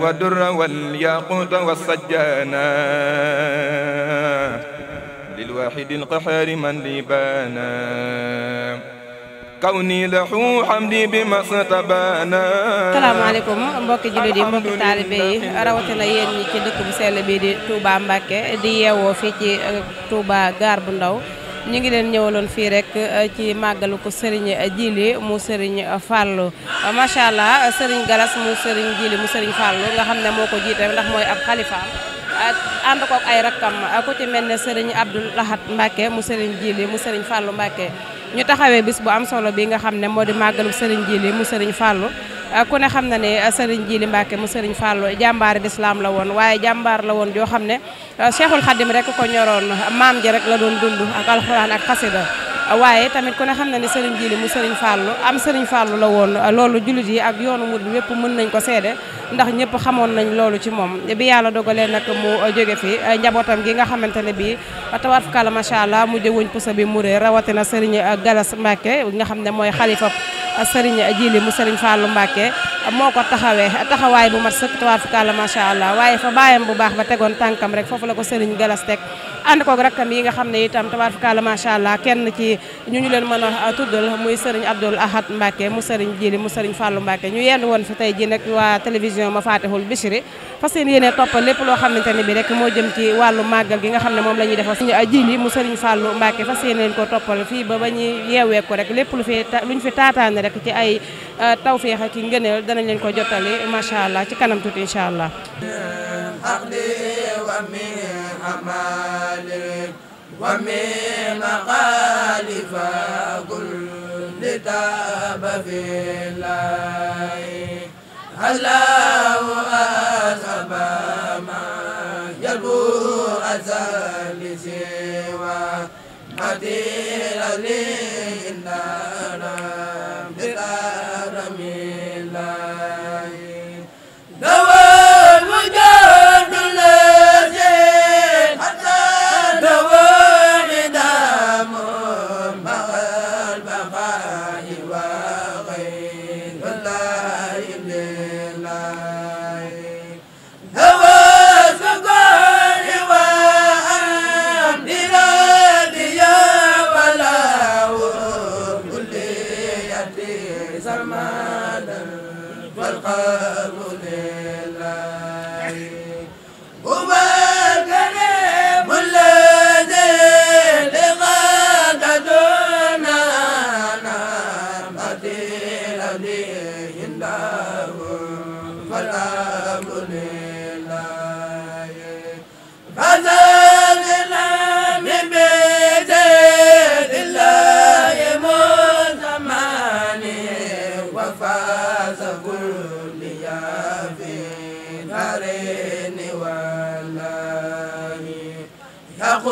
والدر والياقوت والسجانا للواحد القحار من لي بانا kawni lahu hamdi bi mastabaana salaamaaleykum mbokki jullit yi mbokki taalibe rawatina yéen ci dëkk bu sell bii di Touba Mbacke di yeewoo fii ci euh, Touba gaar bu ndaw ñu ngi leen ñëwaloon fii rek eh, ci màggalu ko Serigne eh, Djily mu Serigne eh, Fallou macha allah Serigne Galas mu Serigne Djily mu Serigne Fallou nga xam ne moo ko jiite ndax mooy ab xalifaam ànd kook ay rakkam ku ci mel ne Serigne Abdoul Ahad Mbacke mu Serigne Djily mu Serigne fàllu Mbacke ñu taxawee bis bu am solo bi nga xam ne moo di màggalu Serigne Djily mu Serigne Fallou. Ah, ku ne xam na ne ah, sëriñ jiili Mbàkke mu sëriñ Fàllu jàmbaari lislaam la woon waaye jàmbaar la woon joo xam ne ah, Cheikhul Khadim rek ko ñoroon maam ji rek la doon dund ak alxuraan ak xasida waaye tamit ku ne xam na ne sëriñ Jili mu sëriñ Fàllu am sëriñ Fàllu la woon loolu jullit yi ak yoonu murid wépp mën nañ ko seede ndax ñëpp xamoon nañ loolu ci moom bi yàlla dogalee nag mu uh, jóge fi uh, njabootam gi nga xamante ne bii uh, tawaat fakala macha allah mu jëwuñ pusa bi murée rawatina nga xam ne mooy xalifa Serigne Jili mu Serigne Fallou Mbacke moo ko taxawee taxawaay bu mat sëkk tawaat fakala macha allah waaye fa bàyyam bu baax ba tegoon tànkam rek foofu la ko Serigne Galas teg ànd koog rakkam yi nga xam ne itam tabaar fakala macha allah kenn ci ñu ñu leen mën a tuddal muy Serigne Abdoul Ahad Mbacke mu Serigne Jili mu Serigne Fallou Mbacke ñu yenn woon fi tey ji nag waa télévision télévision ma faatihul bichri fas yéen toppal lépp loo xamante ne bi rek moo jëm ci wàllu màggal gi nga xam ne moom la ñuy defal suñu jili mu Sëriñ Fàllu Mbàkke fas yéene ko toppal fii ba ba ñuy yeewee ko rek lépp lu fi luñ fi taataane rek ci ay euh, tawféex ak ngëneel danañ leen ko jottali macha allah ci kanam tuuti incha allah ومن خالف كل تاب في الليل ali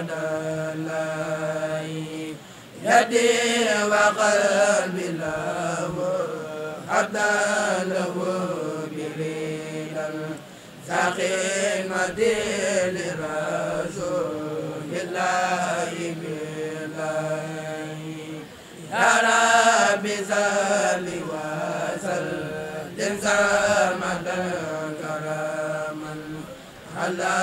لدلي يدي وقلبي له عدله بليلا سقيمة لرسول الله بلي يا رب صل وسلم سرمدا كراما على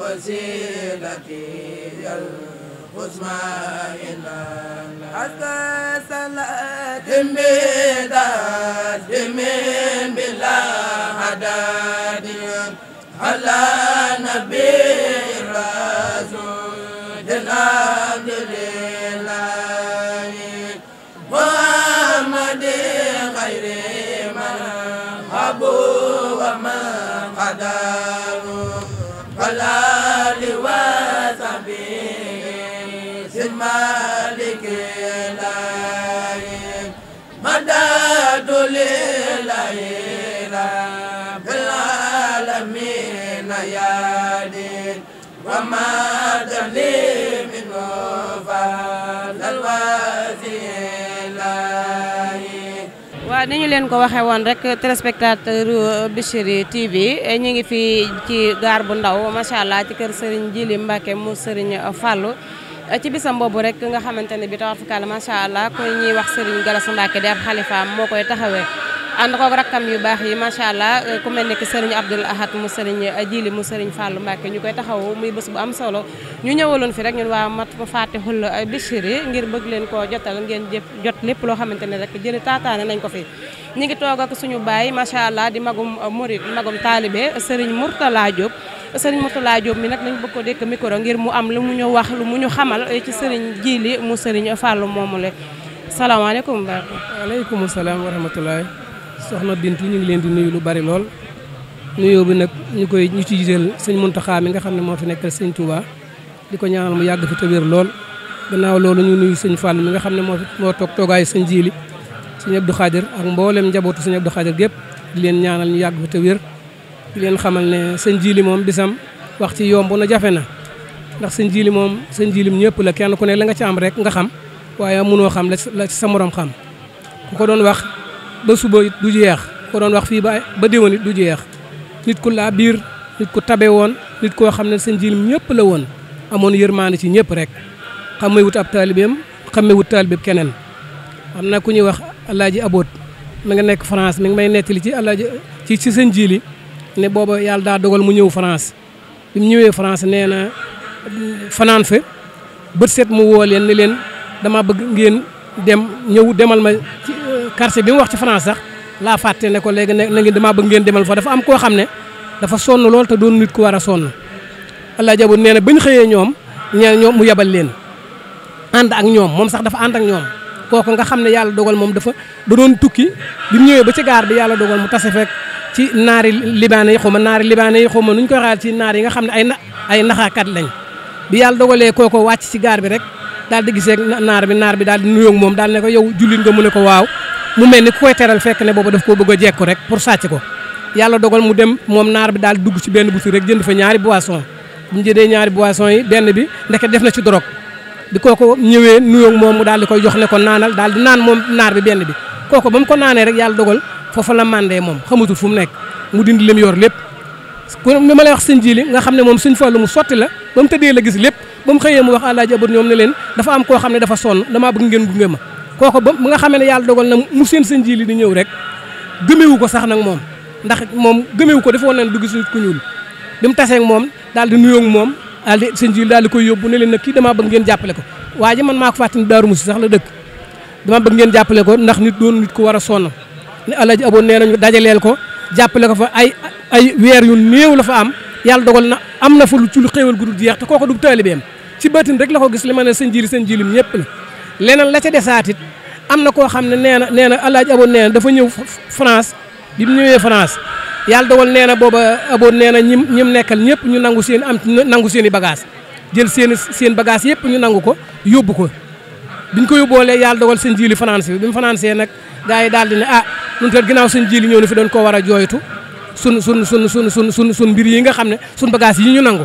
وسيلتي الحسنى إلى حتى صلاة بلا هدى waaw ni ñu leen ko waxee woon rek téléspectateur euh, Bichri TV ñu ngi fii ci gaar bu ndaw macha allah ci kër Serigne Djily mbake mu Serigne Fallou. ci bisam boobu rek nga xamante ne bi tawarfukal macha allah ku ñuy wax Serigne Gallas Mbacke di ab xalifaam moo koy taxawee ànd koog rakkam yu baax yi macha allah ku mel ne que Serigne Abdoul Ahad mu Serigne Jili mu Serigne Fallou Mbacke ñu koy taxaw muy bés bu am solo ñu ñëwaloon fi rek ñun waa mat Fatihul Bichri ngir bëgg leen koo jotal ngeen jot lépp loo xamante ne rek jëli taataane nañ ko fi. ñu ngi toog ak suñu baay macha allah di magum murid magum taalibe Serigne Mourtala Diop. sëriñ Moutalla Diop mi nag nañ bëgg ko dékk micro ngir mu am lu mu ñu wax lu mu ñu xamal eh, ci sëriñ Jili mu sëriñ Fallou moomu la salaamaaleykum. waaleykum salaam wa rahmatulah. soxna Bintu ñu ngi leen di nuyu lu bari lool. nuyoo bi nag ñu koy ñu ci jël sëñ Mountakha mi nga xam ne moo fi nekkal sëñ Touba di ko ñaanal mu yàgg fi te wér lool. gannaaw loolu ñu nuyu sëñ Fall mi nga xam ne moo moo toog toogaayu sëñ Jili sëñ Abdou Khadir ak mboolem njabootu sëñ Abdou Khadir gépp di leen ñaanal ñu yàgg fi te wér. di leen xamal ne sëñ jiili moom bisam wax ci yomb na jafe na ndax sëñ jiili moom sëñ jiilim ñëpp la kenn ku ne la nga ci am rek nga xam waaye mënoo xam la ci sa morom xam ku ko doon wax ba suba it du jeex ku ko doon wax fii ba ba déwén it du jeex nit ku laa biir nit ku tabe woon nit koo xam ne sëñ jiilim ñëpp la woon amoon yërmaande ci ñëpp rek xam xammee wut ab taalibeem xammee wut taalibeem keneen xam na ku ñuy wax alaaji aboot mi nga nekk France mi ngi may ci alaaji ci ci sëñ jiili ne booba yàlla daa dogal mu ñëw France bi mu ñëwee France nee na fanaan fa bët set mu woo leen ne leen damaa bëgg ngeen dem ñëw demal ma ci euh, quartier bi mu wax ci France sax laa fàtte ne ko léegi ne na ngeen dama bëgg ngeen demal fa dafa am koo xam ne dafa sonn lool te doon nit ko war a sonn allah jabu nee na bañ xëyee ñoom ñee ñoom mu yebal leen ànd ak ñoom moom sax dafa ànd ak ñoom kooku nga xam ne yàlla dogal moom dafa da tukki bi mu ñëwee ba ci naari libaane yi xuma naari libaane yi xuma nuñ ko waxaat ci naar yi nga xam ne ay na naxaakat lañ bi yàlla dogalee kooko wàcc ci gaar bi rek daal di gisee naar bi naar bi daal di moom daal ne ko yow jullit nga mu ne ko waaw mu mel ni ku koy teral fekk ne booba daf koo bëgg a jekku pour sàcc ko yàlla dogal mu dem moom naar bi daal dugg ci benn bu boutique rek jënd fa ñaari boisson bu ñu jëndee ñaari boisson yi benn bi ndeke def na ci drogue bi kooku ñëwee nuyoog moom mu daal di koy jox ne ko naanal daal di naan moom naar bi benn bi kooko ba mu ko naanee rek yàlla dogal foofa la mandee moom xamatul fu mu nekk mu dindi lim yor lépp kon li ma lay wax sëñ ji li nga xam ne moom sëñ Fallu mu sotti la ba mu tëddee la gis lépp ba mu xëyee mu wax àlaaji abot ñoom ne leen dafa am koo xam ne dafa sonn damaa bëgg ngeen gunge ma kooko ba nga xamee ne yàlla dogal na mu seen rek gëmewu ko sax nag moom ndax moom gëmewu ko defoon na ne du gis nit ku ñuul bi mu tasee moom daal di nuyoo ak moom daal di sëñ daal di ko yóbbu ne leen nag kii damaa bëgg ngeen jàppale ko waa ji man maa ko fàttali Daaru Musi sax la dëkk dama bëgg ngeen jàppale ko ndax nit doon nit ku war a sonn alaji aboo nee nañu dajaleel ko jàppale ko fa ay ay weer yu néew la am yàlla dogal na am na fa ci lu xéewal gu dul jeex te kooko du taalibeem ci bëtin la ko gis li ma ne seen jili seen jilim ñëpp la leneen la ca am na koo xam ne nee na nee na alaaji aboo dafa ñëw France bi mu ñëwee France yàlla dogal nee na booba aboo nee na ñim ñim nekkal ñëpp ñu nangu seen am nangu seen i bagage jël seen seen bagage yëpp ñu nangu ko yóbbu ko biñ ko yóbboolee yàlla dogal seen jili France bi bi mu fanansee nag gaa yi daal di ne ah ñun kat ginnaaw suñ ji li ñëw na fi doon koo war a jooytu sun sun sun sun sun sun sun mbir yi nga xam ne sun bagage yi ñu nangu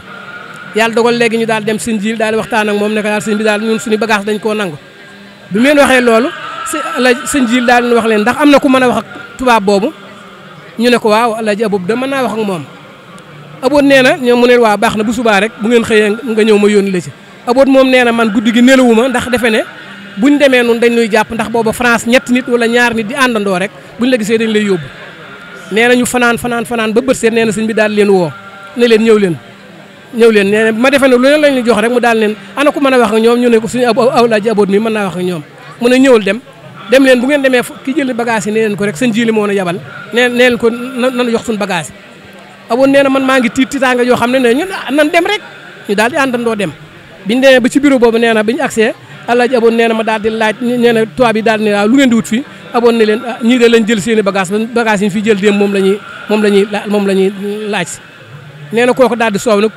yàlla dogal legi ñu daal dem suñ jiil daal waxtaan ak moom ne ko daal suñ bi daal ñun suñu bagage dañ koo nangu bi meen waxee loolu la suñ jiil daal ñu wax leen ndax am na ku mën a wax ak tubaab boobu ñu ne ko waaw alaaji abub da mën naa wax ak moom aboot nee na ñoom mu ne waaw baax na bu subaa rek bu ngeen xëyee nga ñëw ma yónni la ci aboot moom nee na man guddi gi nelawuma ndax defe ne bu ñu demee noonu dañ nuy jàpp ndax booba France ñetti nit wala ñaar nit di àndandoo rek ñu la gisee dañ lay yóbbu nee nañu fanaan fanaan fanaan ba bët seet nee na sëñ bi daal leen woo ne leen ñëw leen ñëw leen nee ma defee ne lu leen lañ jox rek mu daal leen ana ku mën a wax ak ñoom ñu ne ko suñu naa wax ak ñoom mu ne ñëwal dem dem leen bu ngeen demee ki jël bagage yi ko rek sëñ jili moo na yabal nee leen ko nanu jox suñu bagage aboon nee na man maa ngi tiit tiitaanga yoo xam ne ne ñun nan dem rek ñu daal di àndandoo dem biñ ñu ba ci bureau boobu nee na biñu accès alaaji aboon nee na ma daal di laaj nee na tubaab yi daal di ne waaw ah, lu ngeen di wut fii aboon ne leen ah, ñii de lañ jël seen i bagage bagage yi ñu fi jël démb moom la ñuy moom la ñuy moom la ñuy laaj si nee kooku daal di soow nag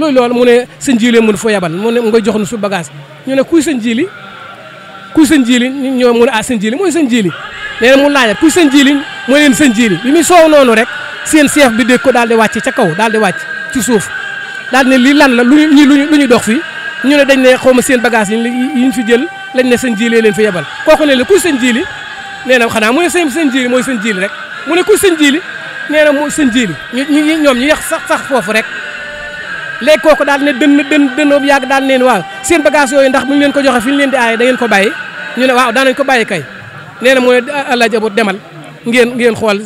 loolu loolu mu ne sëñ jiile mu ne foo yabal mu ne nga jox nu su bagage ñu ne kuy sëñ jiili kuy sëñ jiili ñoo mu ne ah sëñ jiili mooy sëñ jiili nee na mu laajal kuy sëñ jiili mooy leen sëñ jiili bi muy soow noonu rek seen chef bi dégg ko daal di wàcc ca kaw daal di wàcc ci suuf daal di lii lan la lu ñuy lu ñuy dox fii ñu ne dañ ne xaw ma seen bagage ñu fi jël lañ ne seen jiilee leen fi yebal kooku ne la kuy seen jiili nee na xanaa mu ne seen seen jiili mooy seen jiili rek mu ne kuy seen jiili nee na mooy seen jiili ñu ñoom ñu yàq sax sax foofu rek léegi kooku daal ne dënn dën dënnoom yàgg daal neen waaw seen bagage yooyu ndax bu ñu leen ko joxe fi ñu leen di aay da ngeen ko bàyyi ñu ne waaw daanañ ko bàyyi kay nee na mooy a abot demal ngeen ngeen xool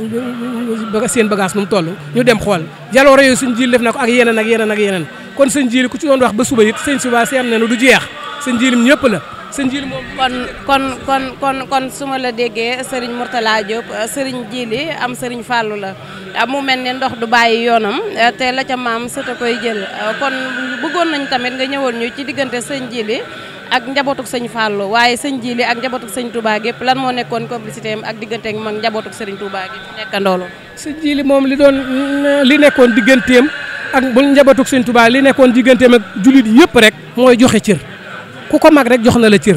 seen bagage nu mu toll ñu dem xool jaloore yooyu suñ jiil def na ko ak yeneen ak yeneen ak yeneen kon sëñ jiili ku ci doon wax ba suba it sëñ suba seet na du jeex sëñ jiilim ñëpp la sëñ jiili moom kon kon kon kon kon su ma la déggee sëriñ Mourtala Diop sëriñ jiili am sëriñ Fallou la mu mel ne ndox du bàyyi yoonam te la ca maam sëta koy jël kon bëggoon nañ tamit nga ñëwoon ñu ci diggante sëñ jiili ak njabootuk sëñ Fallou waaye sëñ Jili ak njabootuk sëñ Touba gépp lan moo nekkoon complicité am ak digganteem ak njabootuk sëriñ Touba gépp nekkandoo loolu sëñ Jili moom li doon li nekkoon digganteem ak bu njabootuk sëñ li nekkoon digganteem ak jullit yëpp rek mooy joxe cër ku ko mag rek jox na la cër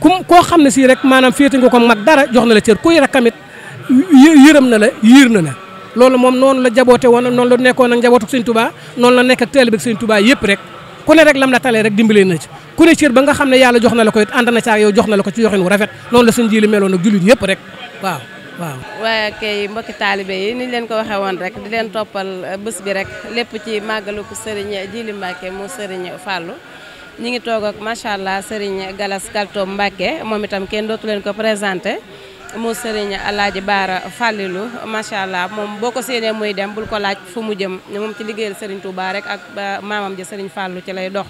ku koo xam ne sii rek maanaam féete nga ko mag dara jox na la cër kuy rakamit yërëm na la yiir na la loolu moom noonu la jaboote woon noonu la nekkoon ak njabootuk sëñ tubaa noonu la nekk ak teel bi sëñ tubaa yëpp rek ku ne rek lam la talee rek dimbale na ci ku ne cër ba nga xam ne yàlla jox na la ko it ànd na caag yow jox na la ko ci yoxin wu rafet noonu la suñ ji li meloon ak jullit yëpp rek waaw waaw waaye kay mbokki taalibe yi ni leen ko waxee woon rek di leen toppal euh, bés bi rek lépp ci màggalu ko sëriñ Jili Mbàkke mu sëriñ Fàllu ñi ngi toog ak macha allah sëriñ Galas Kaltoom Mbàkke moom itam kenn dootu leen ko présenté mu sëriñ laaj Baara Fàllilu macha allah moom boo ko séenee muy dem bul ko laaj fu mu jëm moom ci liggéeyal sëriñ Touba rek ak maamam ja sëriñ Fàllu ci lay dox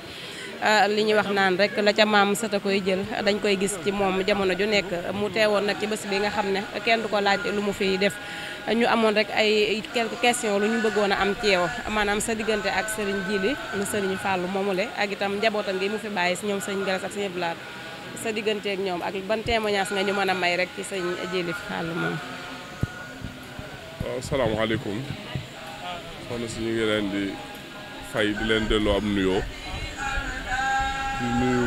ah, li ñuy wax naan rek la ca maam sëta koy jël dañ koy gis ci moom jamono ju nekk mu teewoon nag ci bés bi nga xam ne kenn du ko laaj lu mu fi def ñu amoon rek ay quelques questions lu ñu bëggoon a am ci yow sa diggante ak sëriñ Jili mu sëriñ Fàllu moomu moomule ak itam njabootam gi mu fi bàyyi si ñoom sëriñ Galas ak sëriñ Blaat sa digganteeg ñoom ak ban témoignage nga ñu man a may rek ci sëñ Djily Fall moom. waaw salaamaaleykum soxna si ñu ngi leen di fay di leen delloo am nuyoo di nuyu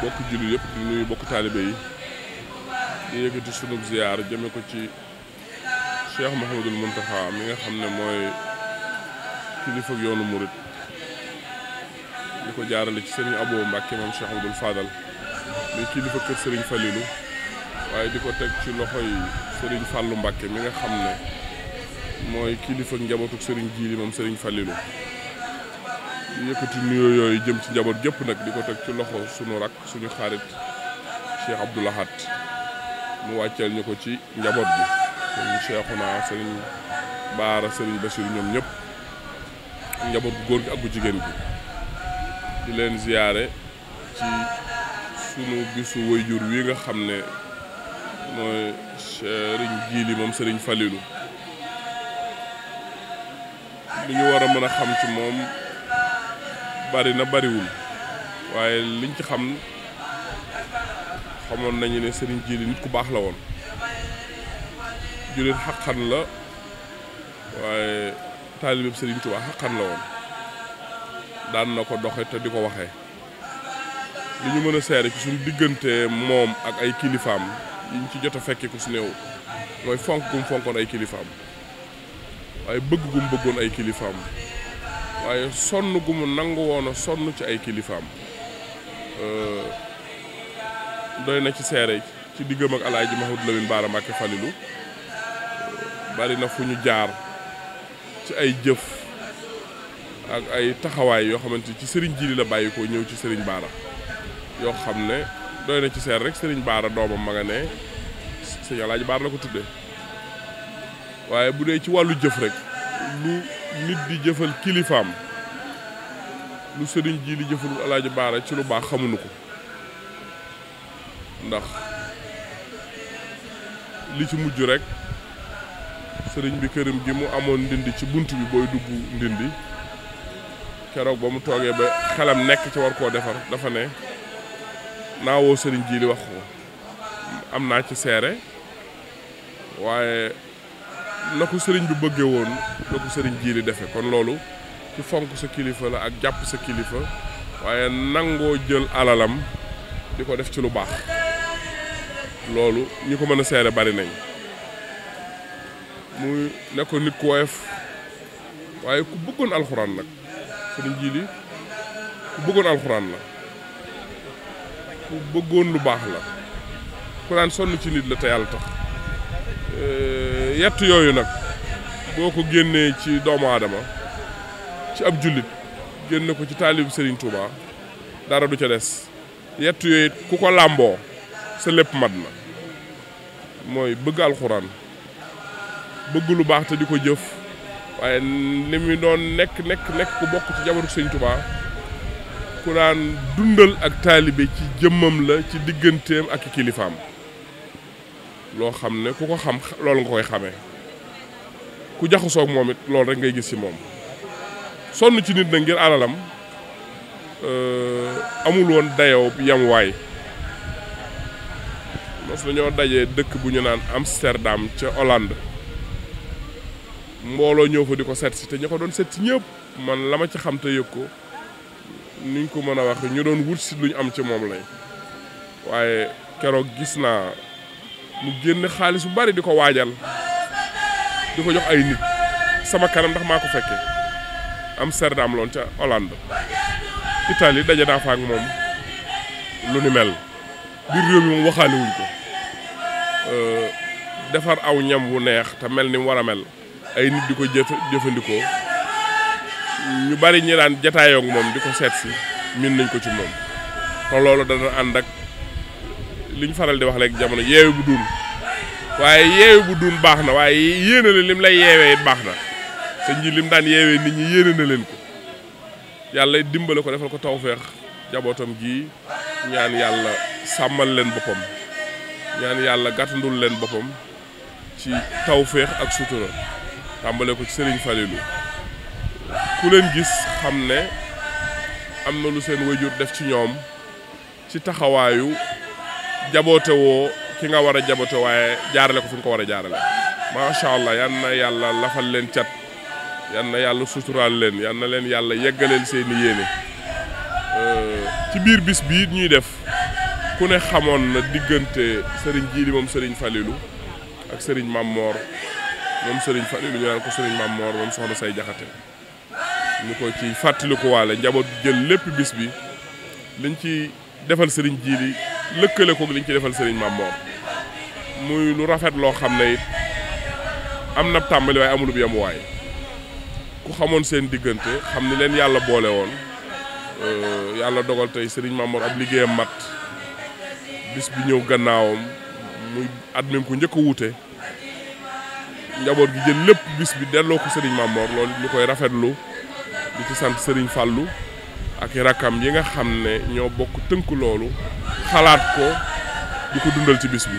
bokk jullit yëpp di nuyu bokk taalibe yi di yëkkati sunub ziyaar jëme ko ci Cheikh Mouhamadul Mountakha mi nga xam ne mooy kilifa yoonu murit di ko jaarale ci sëriñ Abo Mbàkke moom Cheikh Abdoul Fadal di kilifa kër sëriñ Falilou waaye di ko teg ci loxo yi sëriñ Fallou mbakke mi nga xam ne mooy kilifa njabootuk Serigne Jiili moom Serigne Falilou di yëkkati nuyoo yooyu jëm ci njaboot gépp nag di ko teg ci loxo sunu rak suñu xarit Cheikh Abdou Lahad mu wàcceel ñu ko ci njaboot bi Serigne Cheikhouna Serigne Baara Serigne Bassirou ñoom ñëpp njaboot bu góor gi ak jigéen bi di leen ziyaare ci sunu bisu wayjur wii nga xam ne mooy sëriñ Jiili moom sëriñ Falilu li ñu war a mën a xam si moom bari na bariwul waaye liñ ci xam xamoon nañu ne sëriñ Jiili nit ku baax la woon jullit xaqan la waaye taalibeeb sëriñ Tuubaa xaqan la woon daan na ko doxe te di ko waxee li ñu mën a seere ci suñu diggante moom ak ay kilifaam ñu ci jot a fekkee ku si néew mooy fonk gum fonkoon ay kilifaam waaye bëgg gum bëggoon ay kilifaam waaye sonn gumu nangu woon sonn ci ay kilifaam doy na ci seere ci diggam ak alaaji Mahmoud Lamine Baara Mbàkke Falilu bari na fu ñu jaar ci ay jëf ak ay taxawaay yoo xamante ci sëriñ Jili la bàyyi ñëw ci sëriñ Baara yoo xam ne doy ne ci seer rek sëriñ baara doomam ma nga ne sëñ alaaji baara la ko tuddee waaye bu dee ci wàllu jëf rek lu nit di jëfal kilifaam lu sëriñ jii li jëfalul alaaji baara ci lu baax xamuñu ko ndax li ci mujj rek sëriñ bi këram gi mu amoon ndindi ci bunt bi booy dugg ndindi keroog ba mu toogee ba xelam nekk ci war koo defar dafa ne naa woo sëriñ ji li wax am naa ci seere waaye na ko sëriñ bi bëggee woon sëriñ ji li defe kon loolu ci fonk sa kilifa la ak jàpp sa kilifa waaye nangoo jël alalam di ko def ci lu baax loolu ñi ko mën a seere bari nañ mu ne ko nit ku woyof waaye ku bëggoon alxuraan sëriñ ji li ku la ku bëggoon lu baax la ku daan ci nit la te yàlla tax eh, yooyu nag boo ko génnee ci doomu aadama ci ab jullit génn ko ci taalibu Serigne Touba dara du ca des yett yooyu ku ko làmboo sa lépp mat na mooy bëgg alxuraan bëgg lu baax te di ko jëf waaye li mu doon nekk nekk nekk ku bokk ci jabaru Serigne Touba ku daan dundal ak taalibe ci jëmmam la ci digganteem ak kilifaam loo xam ne ku ko xam loolu nga koy xamee ku jaxasoo ak moom it loolu rek ngay gis ci moom sonn ci nit na ngir alalam euh, amul woon dayoo yamuwaay mos nañoo dajee dëkk bu ñu naan Amsterdam ca Hollande mbooloo ñëw fa di ko seet si te ñu ko doon seet si ñëpp man la ma ci xam te yëg ko niñ ko mën a wax ñu doon wut si luñ am ci moom lay waaye keroog gis naa mu génn xaalis bu bari di ko waajal di ko jox ay nit sama kanam ndax maa ko fekkee Amsterdam loon ca oland Italie daje naa fa ak moom lu ni mel biir réew mi waxaale wuñ defar aw ñam wu neex te mel ni mu mel ay nit di ko jëfandikoo ñu bari ñi daan jataayoo moom di ko seet si min nañ ko ci moom te loolu dana ànd ak li ñu faral di wax léegi jamono yeewe bu duun waaye yeewe bu duun baax na waaye yéene lim lay yeewee baax na te ñi lim daan yeewee nit ñi yéene leen ko yàlla dimbale ko defal ko tawféex jabootam gi ñaan yàlla sàmmal leen boppam ñaan yàlla gàttandul leen boppam ci tawféex ak sutura tàmbale ko ci Serigne Falilou ku leen gis xam ne am na lu seen wayjur def ci ñoom ci taxawaayu jaboote woo ki nga war a jaboote waaye jaarale ko fi nga ko war a jaarale macha allah yan na yàlla lafal leen cat yan na yàlla suturaal leen yan na leen yàlla yeggaleel seeni yéene ci biir bis bii ñuy def ku ne xamoon na diggante sëriñ jiir moom sëriñ Falilu ak sëriñ Mamor moom sëriñ Falilu ñu naan ko sëriñ Mamor moom soxna say jaxate ñu ko ci fàttaliku waale njaboot bi jël lépp bis bi liñ ci defal sëriñ Jiili lëkkale ko liñ ci defal sëriñ Maam Moor muy lu rafet loo xam ne it am na tàmbali waaye amulub yemuwaay ku xamoon seen diggante xam ni leen yàlla boole woon euh, yàlla dogal sëriñ Maam Moor ab liggéeyam mat bis bi ñëw gannaawam muy at mi ko njëkk a wuute njaboot gi jël lépp bis bi delloo ko sëriñ Maam Moor loolu ñu koy rafetlu. di ci sant Serigne Fallou ak rakkam yi nga xam ne ñoo bokk tënk loolu xalaat ko di ko dundal ci bis bi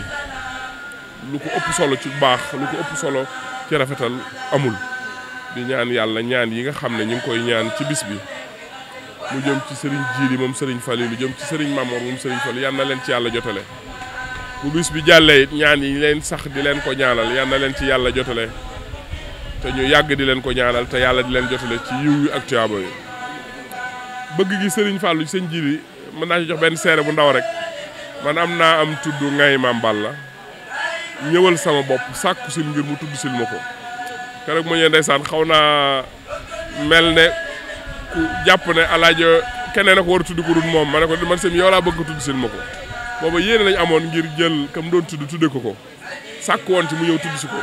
lu ko ëpp solo ci baax lu ko ëpp solo ci rafetal amul di ñaan yàlla ñaan yi nga xam ne ñu ngi koy ñaan ci bis bi mu jëm ci Serigne Djily moom Serigne yi lu jëm ci sëriñ Mamour moom Serigne Fallou yal na leen ci yàlla jotale bu bis bi jàllee ñaan yi leen sax di leen ko ñaanal yan na leen ci yàlla jotale te ñu yàgg di leen ko ñaanal te yàlla di leen jotale ci yiw yu ak tuyaaba bëgg gi Serigne Fallou sëñ Jili mën naa jox benn seere bu ndaw rek man am naa am tudd Ngaye Mame Balla ñëwal sama bopp sàkku sil ngir mu tudd sil ma ko te rek mu ñëwee xaw naa mel ne ku jàpp ne alaajo keneen a ko war tudd ko moom ma ne ko man sam yow laa bëgg ko tudd sil ma ko booba yéene lañ amoon ngir jël kam doon tudd tudde ko ko sàkk woon ci mu ñëw tudd si ko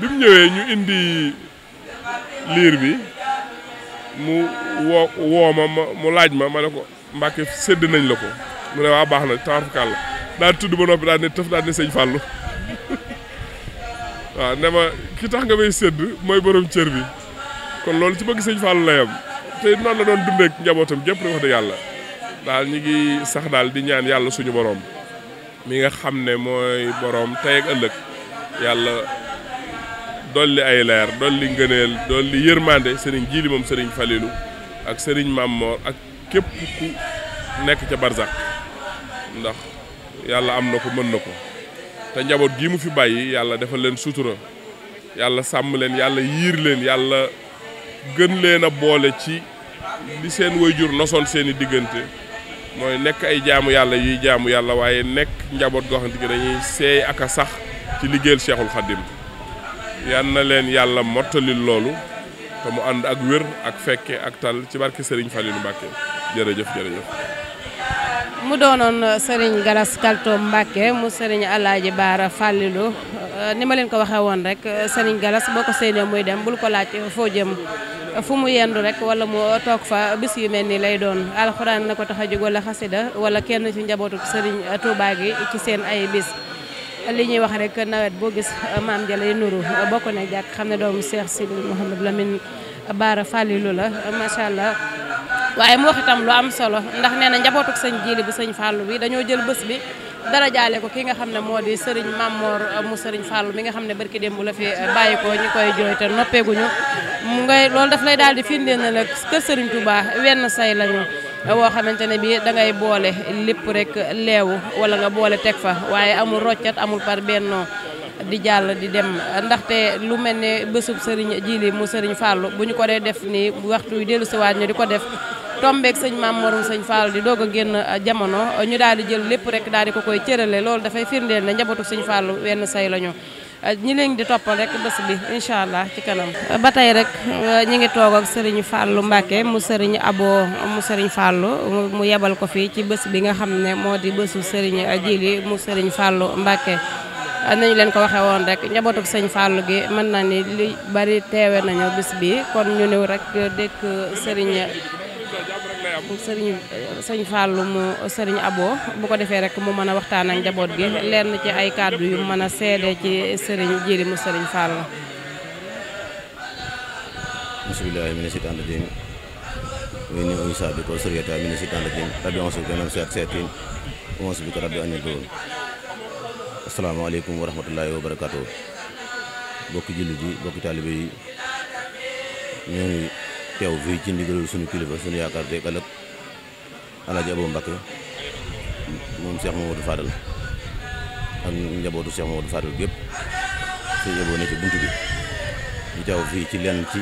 bi mu ñëwee ñu indi liir bi mu woo woo ma mu laaj ma ma ne ko Mbàkke sédd nañ la ko mu ne baax na taarfukàl la daal tudd ba noppi daal ne tëf daal ne sëñ Fallou waaw ne ma ki tax nga may sédd mooy borom cër bi kon loolu ci bëgg sëñ Fallou la yam te noonu la doon dundeek njabootam gépp rek wax dëgg yàlla daal ñi sax daal di ñaan yàlla suñu borom mi nga xam ne mooy borom tey ak yàlla dolli ay leer dolli ngëneel dolli yërmande sëriñ jiili moom sëriñ Falilu ak sëriñ Mamor ak képp ku nekk ca Barzak ndax yàlla am na ko mën na ko te njaboot gii mu fi bàyyi yàlla defal leen sutura yàlla sàmm leen yàlla yiir leen yàlla gën leen a boole ci li seen wayjur nosoon seen i diggante mooy nekk ay jaamu yàlla yuy jaamu yàlla waaye nekk njaboot goo xamante gi dañuy seey ak a sax ci liggéeyal Cheikhul Khadim yan na yàlla mottali loolu te mu ànd ak wér ak fekke ak tal ci barke Serigne Fallou Mbacke jërëjëf jërëjëf. mu doonoon Serigne Galas Kaltoom Mbacke mu Serigne Alaaji Baara Fallilou euh, ni ma leen ko waxee woon rek euh, Serigne Galas boo ko séenee muy dem bul ko laaj foo jëm fu mu yendu rek wala mu toog fa bis yu mel ni lay doon alxuraan na ko tax a jóg wala xasida wala kenn ci njabootu Serigne Touba gi ci seen ay bis. li ñuy wax rek nawet boo gis euh, maam jalay nuru bokk na jàkk xam ne doomu Cheikh Sidi Mouhamadou Lamine Baara Fallilou la macha allah waaye mu wax itam lu am solo ndax nee na njabootuk sëñ Jili bu sëñ Fallou bi dañoo jël bës bi dara jaale ko kii nga xam ne moo di Serigne Mamor euh, mu sëriñ Fallou bi nga xam ne barki démb la fi euh, bàyyi ko ñu koy jooy te noppeeguñu mu ngay loolu daf lay daal di firndeel na nag kër Serigne Touba wenn say lañu woo xamante ne bii da ngay boole lépp rek leewu wala nga boole teg fa waaye amul roccat amul par bennoo di jàll di dem ndaxte lu mel ne bésub sëriñ jili mu sëriñ Fallou bu ñu ko dee def nii waxtu dellu siwaat ñu di ko def tombeek sëñ maam morom sëñ Fall di doog a génn uh, jamono ñu daal di jël lépp rek daal ko koy cërale loolu dafay firndeel na njabootu sëñ Fall wenn say la ñu ñi leen di toppal rek bés bi incha allah ci kanam. ba tey rek ñi ngi toog ak Serigne Fallou Mbacke mu Serigne aboo mu Serigne Fallou mu yebal ko fii ci bés bi nga xam ne moo di bésu Serigne Djily mu Serigne Fallou Mbacke. nañu leen ko waxee woon rek njabootuk sëñ Fallou gi mën naa ni li bari teewe nañu bis bi kon ñu ñëw rek dëkk Serigne. sëriñ sëñ Fallou mu sëriñ Abo bu ko defee rek mu mën a waxtaan ak njaboot gi leer na ci ay kàddu yu mën a seede ci sëriñ Jili mu sëriñ Fallou. bismillaahi mina seytaani rajiim wa innii u'iiduhaa bika wa zurriyyatahaa mina seytaani rajiim rabbi a'uuzu bika min hamazaati shayaatiin wa a'uuzu bika rabbi assalaamu aleykum wa rahmatullaahi bokki jullit yi bokki taalibe yi teew fii ci ndigalul suñu kilifa sunu yaakaar teeg ëllëg alaaji Abou Mbacké moom Cheikh Mamadou Fadal ak njabootu Cheikh Mamadou Fadal gépp te yóbboo ne ci buntu bi ñu teew fii ci lenn ci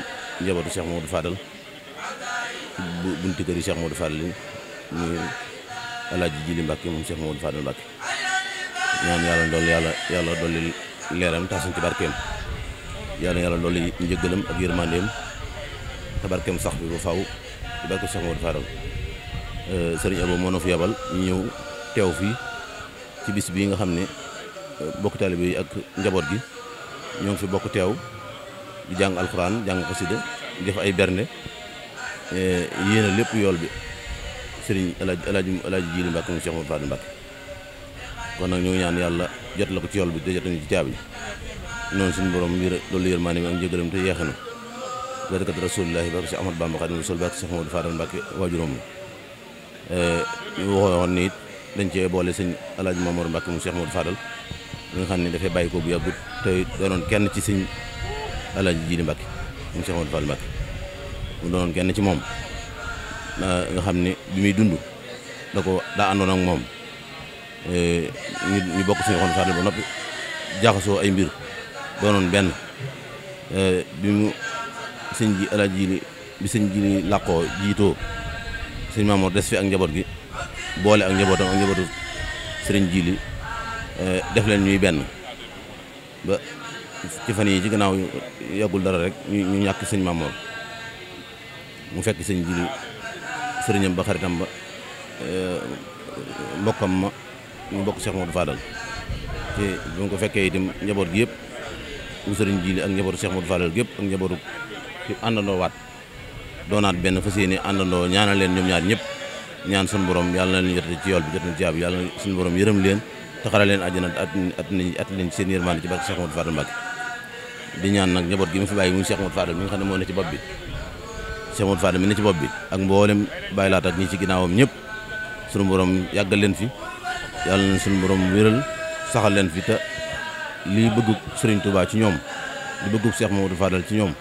njabootu Cheikh Mamadou Fadal bunti kër yi Cheikh Mamadou Fadal yi muy alaaji Jili Mbacké moom Cheikh Mamadou Fadal Mbacké ñaan yàlla dool yàlla yàlla dolli leeram taasuñ ci barkeem yàlla yàlla dolli njëggalam ak yërmandeem tabarkeem sax bi ba faw ci barke Cheikh Modou Fadal euh, sëriñ Abo moo na fi yabal ñu ñëw teew fii ci bis bii nga xam ni euh, bokk taalibe ak njaboot gi ñoo ngi fi bokk teew di jàng alxuraan jàng xasida di ay bernde euh, yéen lépp yool bi sëriñ alaaji alaaji Jiili Mbàkke mu Cheikh Modou Fadal Mbàkke kon nag ñoo ñaan yàlla jot la ko ci yool bi da jotuñu ci caabi noonu suñu borom ngir loolu yërmaane bi ak njëgëram te yeexe na barakat rasulillahi barke si Ahmad Bamba Xaadimu Rasuul barke si Ahmadu Fadal Mbàkke waajuróom eh, ñu waxoon ni it dañ cee boole sëñ Alaaji Mamoor Mbàkke mu Cheikh Ahmadu Fadal li nga xam ne dafay bàyyi ko bu yàggut te doonoon kenn ci sëñ Alaaji Jiili Mbàkke mu Cheikh Ahmadu Fadal Mbàkke mu ci moom nga xam ni bi muy dund da ko daa àndoon ak moom eh, ñu ñu bokk suñu xon Fadal ba noppi jaxasoo ay mbir doonoon benn eh, bi mu sëñ ji El Hadj Jili bi sëñ Jili làqoo jiitoo sëñ Maamoor des fi njaboot gi boole ak njabootam ak njabootu sëriñ Jili eh, def leen ñuy benn ba ci fan yi ci gannaaw yàggul dara rek ñu ñàkk sëñ Maamoor mu fekk sëñ Jili sëriñam ba xaritam ba eh, mbokkam ma ñu mbokk Cheikh Modou Fadal te bu ko fekkee itam njaboot gi yëpp mu sëriñ jiili ak njabootu Cheikh Modou Fadal gi yëpp ak njabootu ñu àndandoo waat doonaat benn fas yéene àndandoo ñaanal leen ñoom ñaar ñëpp ñaan suñu borom yàlla na leen jot ci yool bi jot na ci yaab yàlla na suñu leen taxara leen àjjana at at nañ at nañ seen yërmande di ñaan nag njaboot gi mu fi bàyyi mu Cheikh Modou Fadal mi ne moo ne ci bopp bi Cheikh Modou ci bopp bi ak mboolem bàyyi laat ak ñi ci ginnaawam ñëpp suñu boroom yàggal leen fi yàlla na suñu borom wéral saxal leen fi te lii bëggub Serigne Touba ci ñoom li bëggub Cheikh Modou Fadal ci ñoom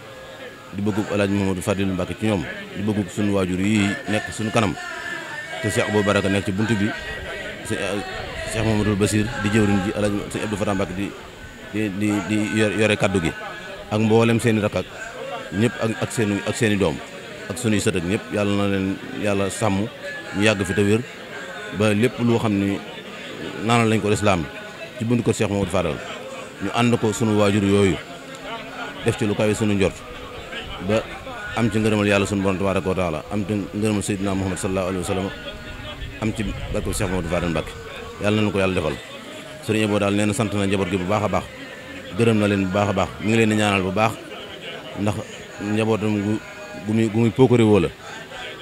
di bëggub El Hadj Mamadou Fadilou Mbacke ci ñoom di bëggub suñu waajur yi nekk suñu kanam te Cheikh Abou Baraka nekk ci bunt bi Cheikh Mamadou Basir di jëwriñ ji El Hadj sëñ di di di yore kaddu gi ak mboolem seen i ñëpp ak ak seen doom ak suñuy sët ak ñëpp yàlla na leen yàlla sàmm ñu yàgg fi te wér lépp loo xam ni naanal lañ ko lislaam ci buntu ko Cheikh Mamadou Fadal ñu ànd ko sunu waajur yooyu def ci lu kawe sunu njort ba am ci ngërëmal yàlla sunu borom tabaaraka wa taala am ci ngërëmal sayyidina Muhammad sallallahu alayhi wa sallam am ci barke Cheikh Mamadou Fadel Mbacke yàlla nañu ko yàlla defal sëriñ Ebo daal nee na sant na njaboot gi bu baax a baax gërëm na leen bu baax a baax mi ngi leen di ñaanal bu baax ndax njabootam gu gu muy gu muy pokkari woo la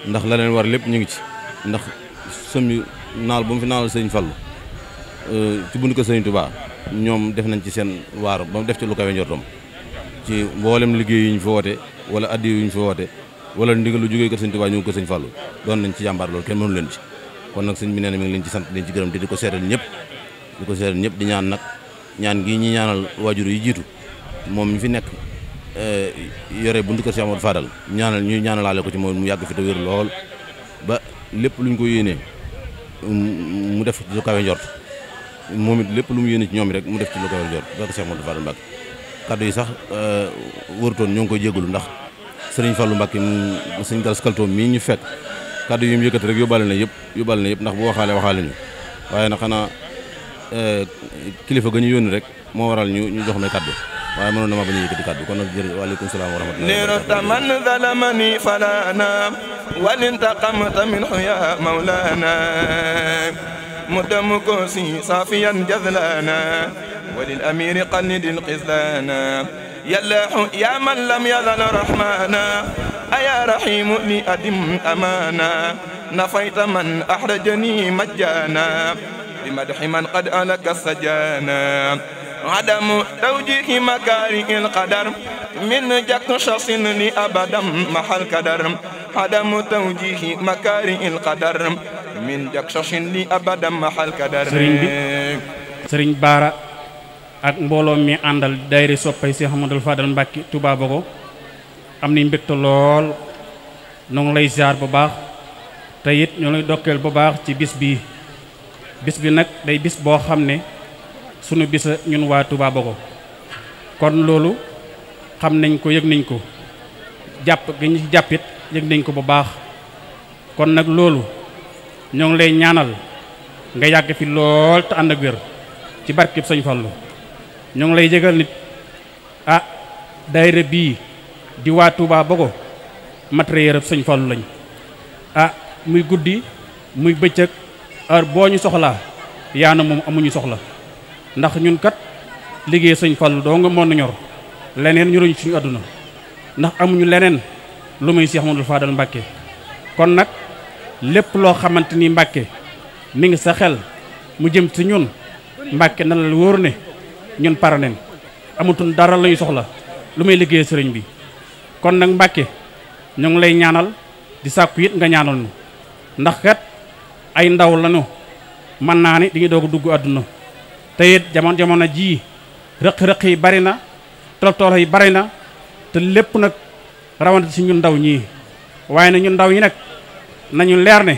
ndax la leen war lépp ñu ngi ci ndax sëmbi naal bu mu fi naalal euh, sëriñ Fallu ci bunt ko sëriñ Touba ñoom def nañ ci seen waar ba mu def ci lu kawe njortoom wala addi yu ñu fi woote wala ndigal lu jógee kër sëñ Tuubaa ñu ngi ko sëñ Fàllu doon nañ ci jàmbaar loolu kenn mënu leen ci kon nag sëñ bi nee na mi ngi leen ci sant leen ci gërëm di ko seetal ñëpp di ko seetal ñëpp di ñaan nag ñaan gi ñi ñaanal waajur yi jiitu moom mi fi nekk eh, yore buntu kër Cheikh Amadou Fadal ñaanal ñuy ñaanalaale ko ci moom mu yàgg fi te wér lool ba lépp luñ ko yéenee mu def ci lu kawe njort moom it lépp lu mu yéene ci ñoom rek mu def ci lu kawe njort ba ko Cheikh Amadou Fadal yi sax eh, wërtoon ñoo ngi koy jégalu ndax sëriñ Fallou Mbacke mu sëriñ Gallas Kaltoum mii ñu fekk kàddu yi mu yëkkati na yëpp yóbbaale na yëpp ndax bu waxaale waxaale ñu waaye nag eh, kilifa ga ñu yónni rek moo waral ñu ñu jox may kàddu waaye na ma bañ a yëkkati kàddu kon nag jërëjëf waaleykum salaam wa rahmatulah. nirata man zalamani falana walintaqamta min ya mawlana مدم كوسي صافيا جذلانا وللأمير قلد القذلانا يلاح يا من لم يزل رحمانا أيا رحيم لأدم أمانا نفيت من أحرجني مجانا بمدح من قد ألك السجانا عدم توجيه مكاره القدر من جك شخص لأبدا محل قدر عدم توجيه مكاره القدر من جك شخص لأبدا محل قدر سرين بارا ak mbooloo mi àndal daayira soppay Cheikh Ahmadou Fadal Mbacke Touba Bogo am nañ mbégte lool ñoo ngi lay ziar bu baax te it ñoo lay dokkeel bu baax ci bis bii bis bi nag day bis boo xam ne sunu bisa ñun waa Touba ko kon loolu xam nañ ko yëg nañ ko jàpp gi ñu jàppit yëg nañ ko bu baax kon nag loolu ñoo ngi lay ñaanal nga yàgg fi lool te ànd ak ci barkeb Sëñ Fallu ñoo ngi lay jégal nit ah daayira bii di waa Touba Bogo matériel ab sëñ Fallu lañ a ah, muy guddi muy bëccëg heure boo ñu soxlaa na moom amuñu soxla ndax ñun kat liggéey sëñ Fallu doo nga mën na ñor leneen ñoruñu suñu àdduna ndax amuñu leneen lu muy Cheikh Amadou Fadal Mbàkke kon nag lépp loo xamante ni Mbàkke mi ngi sa xel mu jëm si ñun Mbàkke na la wóor ne ñun pare nañ amatul dara lañu soxla lu may liggéeyee sëriñ bi kon nag Mbàkke ñu ngi lay ñaanal di sàkku yit nga ñaanal ñu ndax kat ay ndaw lañu mën naa ni dañuy doo a dugg àdduna te it jamono jamono jii rëq-rëq yi bari na tolof tolof yi bari na te lépp nag rawante si ñun ndaw ñii waaye nag ñun ndaw yi nag nañu leer ne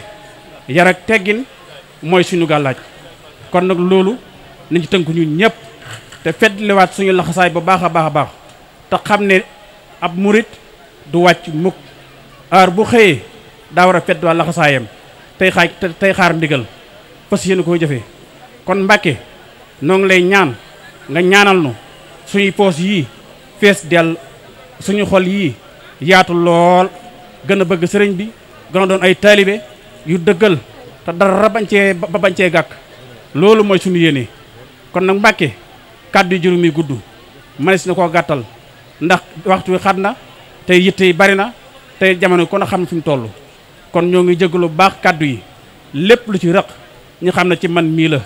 yara ak teggin mooy suñu gàllaaj kon nag loolu nañ ci tënk ñun ñëpp. te feddliwaat suñu laxasaay bu baax a baax a baax te xam ne ab murit du wàcc mukk aar bu xëyee daa war a feddwaat laxasaayam tey xaaj tey xaar ndigal fas yéene koo jëfee kon Mbàkke noo ngi lay ñaan nga ñaanal nu suñu poos yii fees del suñu xol yii yaatu lool gën a bëgg sëriñ bi gën a doon ay taalibe yu dëggal te dara bañ cee ba gàkk loolu mooy suñu yéene kon nag Mbàkke kàddu juróomi gudd mënees na koo gàttal ndax waxtu wi xat na tey yitte yi bari na tey jamono kon a xam ne fi mu toll kon ñoo ngi jégalu bu baax kàddu yi lépp lu ci rëq ñu xam na ci man mii la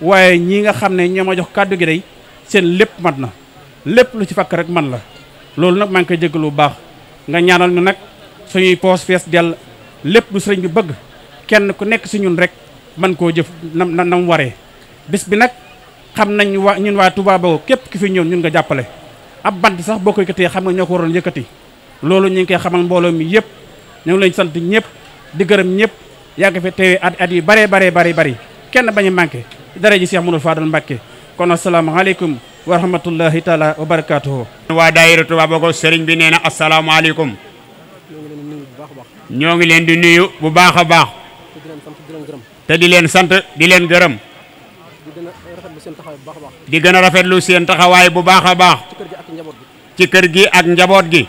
waaye ñii nga xam ne ñoo ma jox kàddu gi day seen lépp mat na lépp lu ci fakk rek man la loolu nag maa ngi koy jégalu bu baax nga ñaanal ñu nag suñuy poos fees dell lépp lu sëriñ bi bëgg kenn ku nekk si ñun rek man koo jëf na na mu waree bis bi nag xam nañ waa ñun waa Touba Baol képp ki fi ñëw ñun nga jàppale ab bant sax boo ko yëkkatee xam nga ñoo ko waroon yëkkati loolu ñu ngi koy xamal mbooloo mi yëpp ñoo ngi leen sant ñëpp di gërëm ñëpp yàgg fi teewee at at yi baree baree baree bari kenn bañ a manqué dara ji Cheikh Moudou Fadal Mbacké kon asalaamaaleykum wa rahmatullahi taala wa barakaatuhu waa daayira Touba Baol sëriñ bi nee na asalaamaaleykum ñoo ngi leen di nuyu bu baax a baax te di leen sant di leen gërëm di gën a rafetlu seen taxawaay bu baax a baax. ci kër gi ak njaboot gi.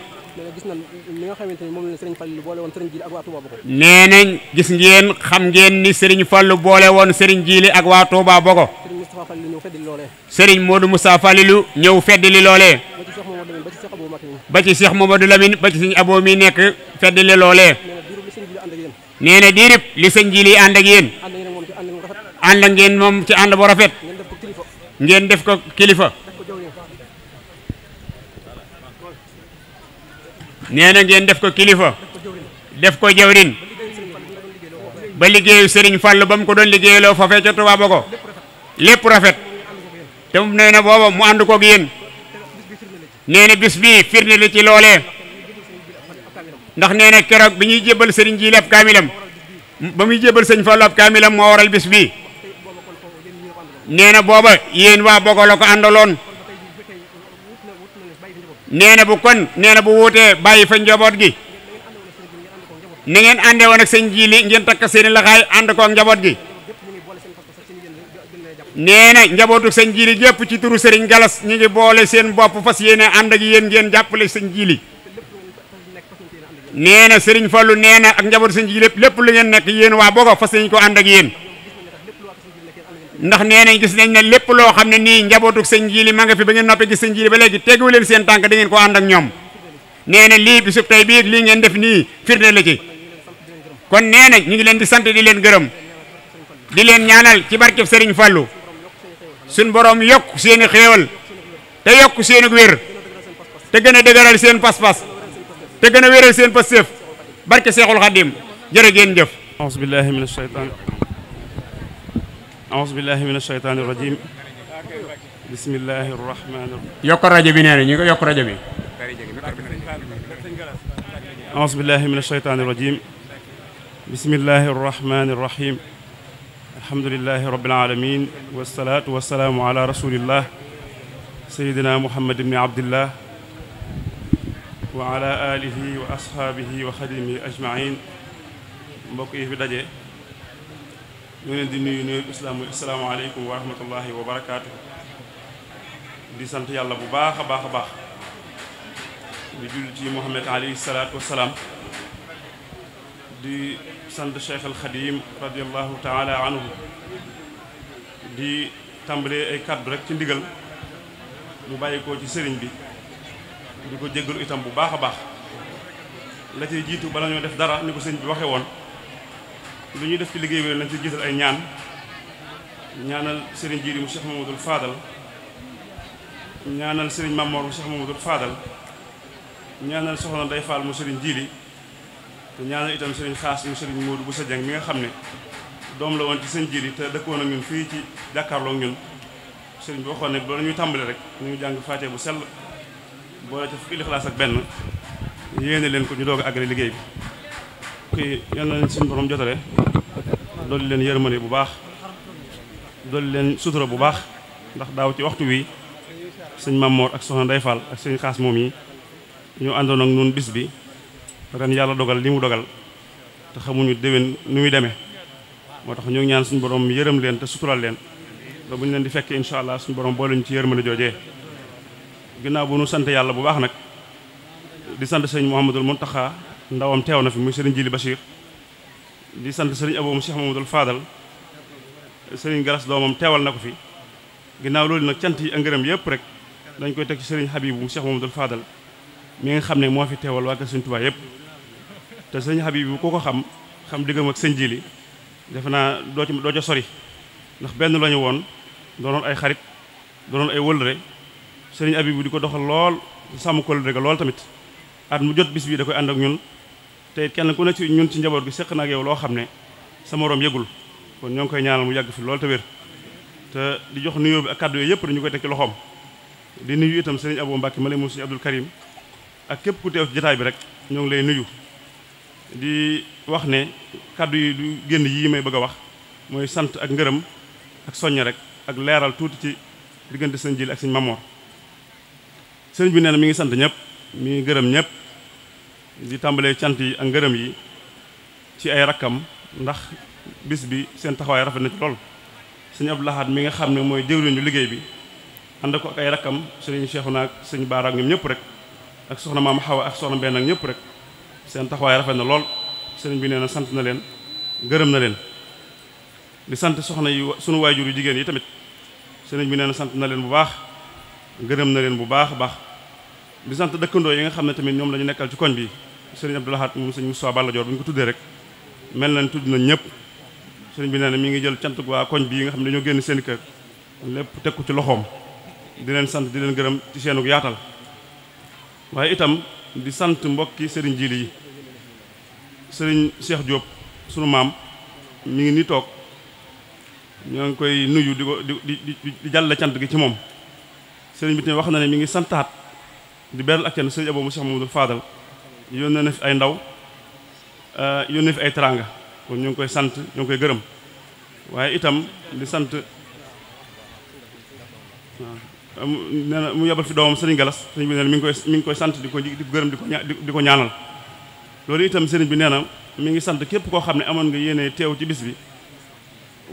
nee nañ gis ngeen xam ngeen ni Serigne Fallou boole woon Serigne Jiili ak waa Touba Bogo. Serigne Modou Moussa Falilou ñëw feddali loolee. ba ci Cheikh Mamadou Lamine ba ci Serigne Aboo mi nekk feddali loolee. nee na diirib li sëñ Jiili ànd ak yéen. ànd ngeen moom ci ànd bu rafet. ngeen def ko kilifa nee na ngeen def ko kilifa def ko jawrin ba liggéeyu Serigne Fallou ba mu ko doon liggéeyaloo foofee ca Tuubaa ba ko lépp rafet te mu nee na booba mu ànd koog yéen nee na bis bii firnde la ci loolee ndax nee na keroog bi ñuy jébbal Serigne ji ab kaamilam ba muy jébbal Serigne Fallou ab kaamilam moo waral bis bii. nee na booba yéen waa Bokol la ko àndaloon nee na bu kon nee bu wuutee bàyyi fa njaboot gi ni ngeen àndee woon ak seen jiili ngeen takk seeni laxaay ànd njaboot gi nee na njabootu seen jiili yépp ci turu Serigne Galas ñu ngi boole seen bopp fas yéene ànd ak yéen ngeen jàppale seen jiili nee na Serigne Fallou nee na ak njabootu seen jiili lépp lu ngeen nekk yéen waa Bokol fas yéene ko ànd ak yéen. ndax nee nañ gis nañ ne lépp loo xam ne nii njabootuk sëñ jili ma nga fi ba ngeen noppee gis sëñ jili ba léegi tegu leen seen tànk da ngeen ko ànd ak ñoom nee na lii bi tey bii lii ngeen def nii firnde la kon nee na ñu ngi leen di sant di leen gërëm di leen ñaanal ci barkeb sëriñ Fallou suñ boroom yokk seen i xéewal te yokk seen i wér te gën a seen pas-pas te gën a wéral seen pas-séef barke seexul xadim jërë geen jëf. auzu billahi minash shaytaan auzu billahi min asheytaani irajim bismillahi arrahmani irrahim yokk rajo bi nee na ñu ko yokk rajo bi auzu billahi min asheytaani irajim bismillahi arrahmani irrahim alhamdulilahi rabbil alamin wasalaatu wasalaamu ala rasulillah sayidina muhammad ibni abdillah wa ala alihi wa ashaabihi wa xadimihi ajmain mbokk yi fi daje ñoo leen di nuyu nuyu islaam muy asalaamaaleykum wa rahmatullahi di sant yàlla bu baax a baax a baax di julli ci Muhammad alayhi salaatu salaam di sant Cheikh al Xadim radiallahu taala anhu di tàmbalee ay kàddu rek ci ndigal mu bàyyi ko ci sëriñ bi di ko jéggalu itam bu baax a baax la ciy jiitu bala ñoo def dara ni ko sëriñ bi waxe woon lu ñuy def ci liggéey bi lañ ci jiital ay ñaan ñaanal sëriñ Jiiri mu Cheikh Mamadou Fadal ñaanal sëriñ Mamor mu Cheikh Mamadou Fadal ñaanal soxna day Fall mu sëriñ Jiiri te ñaanal itam sëriñ Xaas mu sëriñ Moodu bu sa jang mi nga xam ne doom la woon ci sëñ Jiiri te dëkkoon ak ñun fii ci jàkkaarlook ak ñun sëriñ bi waxoon ne loolu ñuy tàmbali rek ñu ngi jàng faatee bu sell boole ca fukki lixlaas ak benn yéene leen ko ñu doog a àggale liggéey bi mbokk yi yal na leen suñu borom jotale dolli leen yërmande bu baax dolli leen sutura bu baax ndax daaw ci waxtu wi sëñ Mamor ak soxna Ndeye Fall ak sëñ Xaas moom yi ñoo àndoon ak nun bis bi ren yàlla dogal li mu dogal te xamuñu déwén nu muy demee moo tax ñoo ñaan suñ borom yërëm leen te sutural leen ba ñu leen di fekkee incha allah suñu borom boole ñu ci yërmande joojee ginnaaw bu nu sant yàlla bu baax nag di sant sëñ Mouhamadul Mountakha ndawam teew na fi muy sëriñ Jili Bachir di sant sëriñ Abou Cheikh Mamadou faadal sëriñ Galas doomam teewal na ko fi ginnaaw loolu nag cant yi ak ngërëm yëpp rek dañ koy teg ci sëriñ Habibu Cheikh Mamadou faadal mi nga xam ne moo fi teewal waa kër sëriñ Tuubaa yëpp te sëriñ Habibu koo ko xam xam diggam ak sëriñ Jili defe naa doo doo ca sori ndax benn lañu ñu woon doonoon ay xarit doonoon ay wëllëre sëriñ Habibu di ko doxal lool sàmm kóllëre ga lool tamit at mu jot bis bii ànd ak ñun tey kenn ku ne ci ñun ci njaboot gi séq na ak yow loo xam ne sa moroom yëgul kon ñoo ngi koy ñaanal mu yàgg fi loolu te wér te di jox nuyoo bi ak kàddu yooyu yëpp dañu koy teg loxoom di nuyu itam sëriñ Abou Mbacke ma lay mu sëriñ Abdul ak képp ku teew ci bi rek ñoo ngi lay nuyu di wax ne kàddu yi du génn yii may bëgg a wax mooy sant ak ngërëm ak soññ rek ak leeral tuuti ci diggante sëñ Jili ak sëñ Mamor sëriñ bi nee na mi ngi sant ñëpp mi ngi gërëm ñëpp di tàmbalee cant yi ak ngërëm yi ci ay rakkam ndax bis bi seen taxawaay rafet na ci lool sëñ Abdou laxaat mi nga xam ne mooy jëwriñu liggéey bi ànd ko ak ay rakkam sëñ Cheikhouna ak sëñ Baara ak ñoom ñëpp rek ak soxna maam Xawa ak soxna Mbène ak ñëpp rek seen taxawaay rafet na lool sëriñ bi nee na sant na leen gërëm na leen di sant soxna yi sunu waajur yu jigéen yi tamit sëriñ bi nee sant na leen bu baax gërëm na leen bu baax a baax di sant dëkkandoo yi nga xam ne tamit ñoom la ñu nekkal ci koñ bi sëriñ Abdou Lahad moom sëriñ Moustapha Balla Joor bu ñu ko tuddee rek mel nañ tudd nañ ñëpp sëriñ bi nee na mi ngi jël cant waa koñ bi nga xam ne dañoo génn seen kër lépp teg ko ci loxoom di leen sant di leen gërëm ci seenu yaatal waaye itam di sant mbokki sëriñ Jili yi sëriñ Cheikh Diop sunu maam mi ngi nii toog ñoo ngi koy nuyu di ko di di di jàll cant gi ci moom sëriñ bi tamit wax na ne mi ngi santaat di beral ak kenn sëriñ Abou Cheikh Mamadou Fadal yónnee na fi ay ndaw euh, yónnee fi ay teraanga kon ñu ngi koy sant ñu ngi koy gërëm waaye itam di sant waaw mu yebal fi doomam sëriñ Galas sëriñ bi nee na mi ngi mi ngi koy sant di ko ko gërëm di ko ñaanal loolu itam sëriñ bi nee na mi ngi sant képp koo xam ne amoon nga yéene teew ci bis bi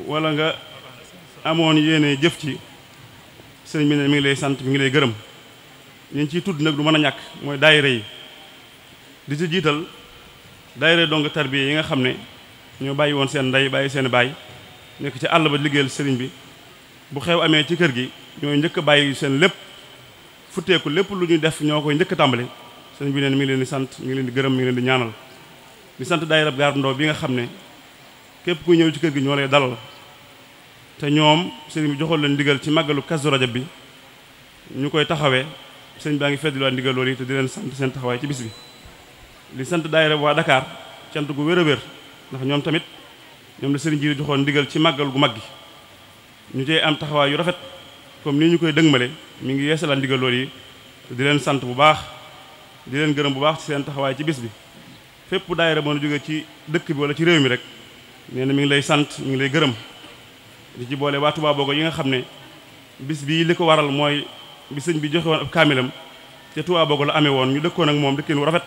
walla nga amoon yéene jëf ci sëriñ bi nee na mi ngi lay sant mu ngi lay gërëm ñu ngi ciy tudd nag du mën a ñàkk mooy daayira yi di ci jiital daayira dong tarbiya yi nga xam ne ñoo bàyyi woon seen ndey bàyyi seen baay nekk ci àll ba liggéeyal sëriñ bi bu xew amee ci kër gi ñooy njëkk bàyyi seen lépp futteeku lépp lu ñu def ñoo koy njëkk tàmbali sëriñ bi neen mi ngi leen di sant mi ngi leen di gërëm mi ngi leen di ñaanal di sant daayira Gare bi nga xam ne képp ku ñëw ci kër gi ñoo lay dalal te ñoom sëriñ bi joxoo leen digal ci màggalu Kazu Rajab bi ñu koy taxawee sëriñ baa ngi fedd lu ndigal loolu yi di leen sant seen ci bis bi li sant daayira waa dakaar cant gu wér a wér ndax ñoom tamit ñoom la sëriñ ji joxoon ndigal ci màggal gu mag gi ñu cee am taxawaay yu rafet comme nii ñu koy dëgmale mi ngi yeesalaat ndigal loolu yi di leen sant bu baax di leen gërëm bu baax ci seen taxawaay ci bis bi fépp daayira boo jógee ci dëkk bi wala ci réew mi rek nee mi ngi lay sant mi ngi lay gërëm di ci boole waa Touba Bogo yi nga xam ne bis bii li ko waral mooy bi sëñ bi joxe kaamilam te Touba la amee woon ñu dëkkoon ak moom dëkkin wu rafet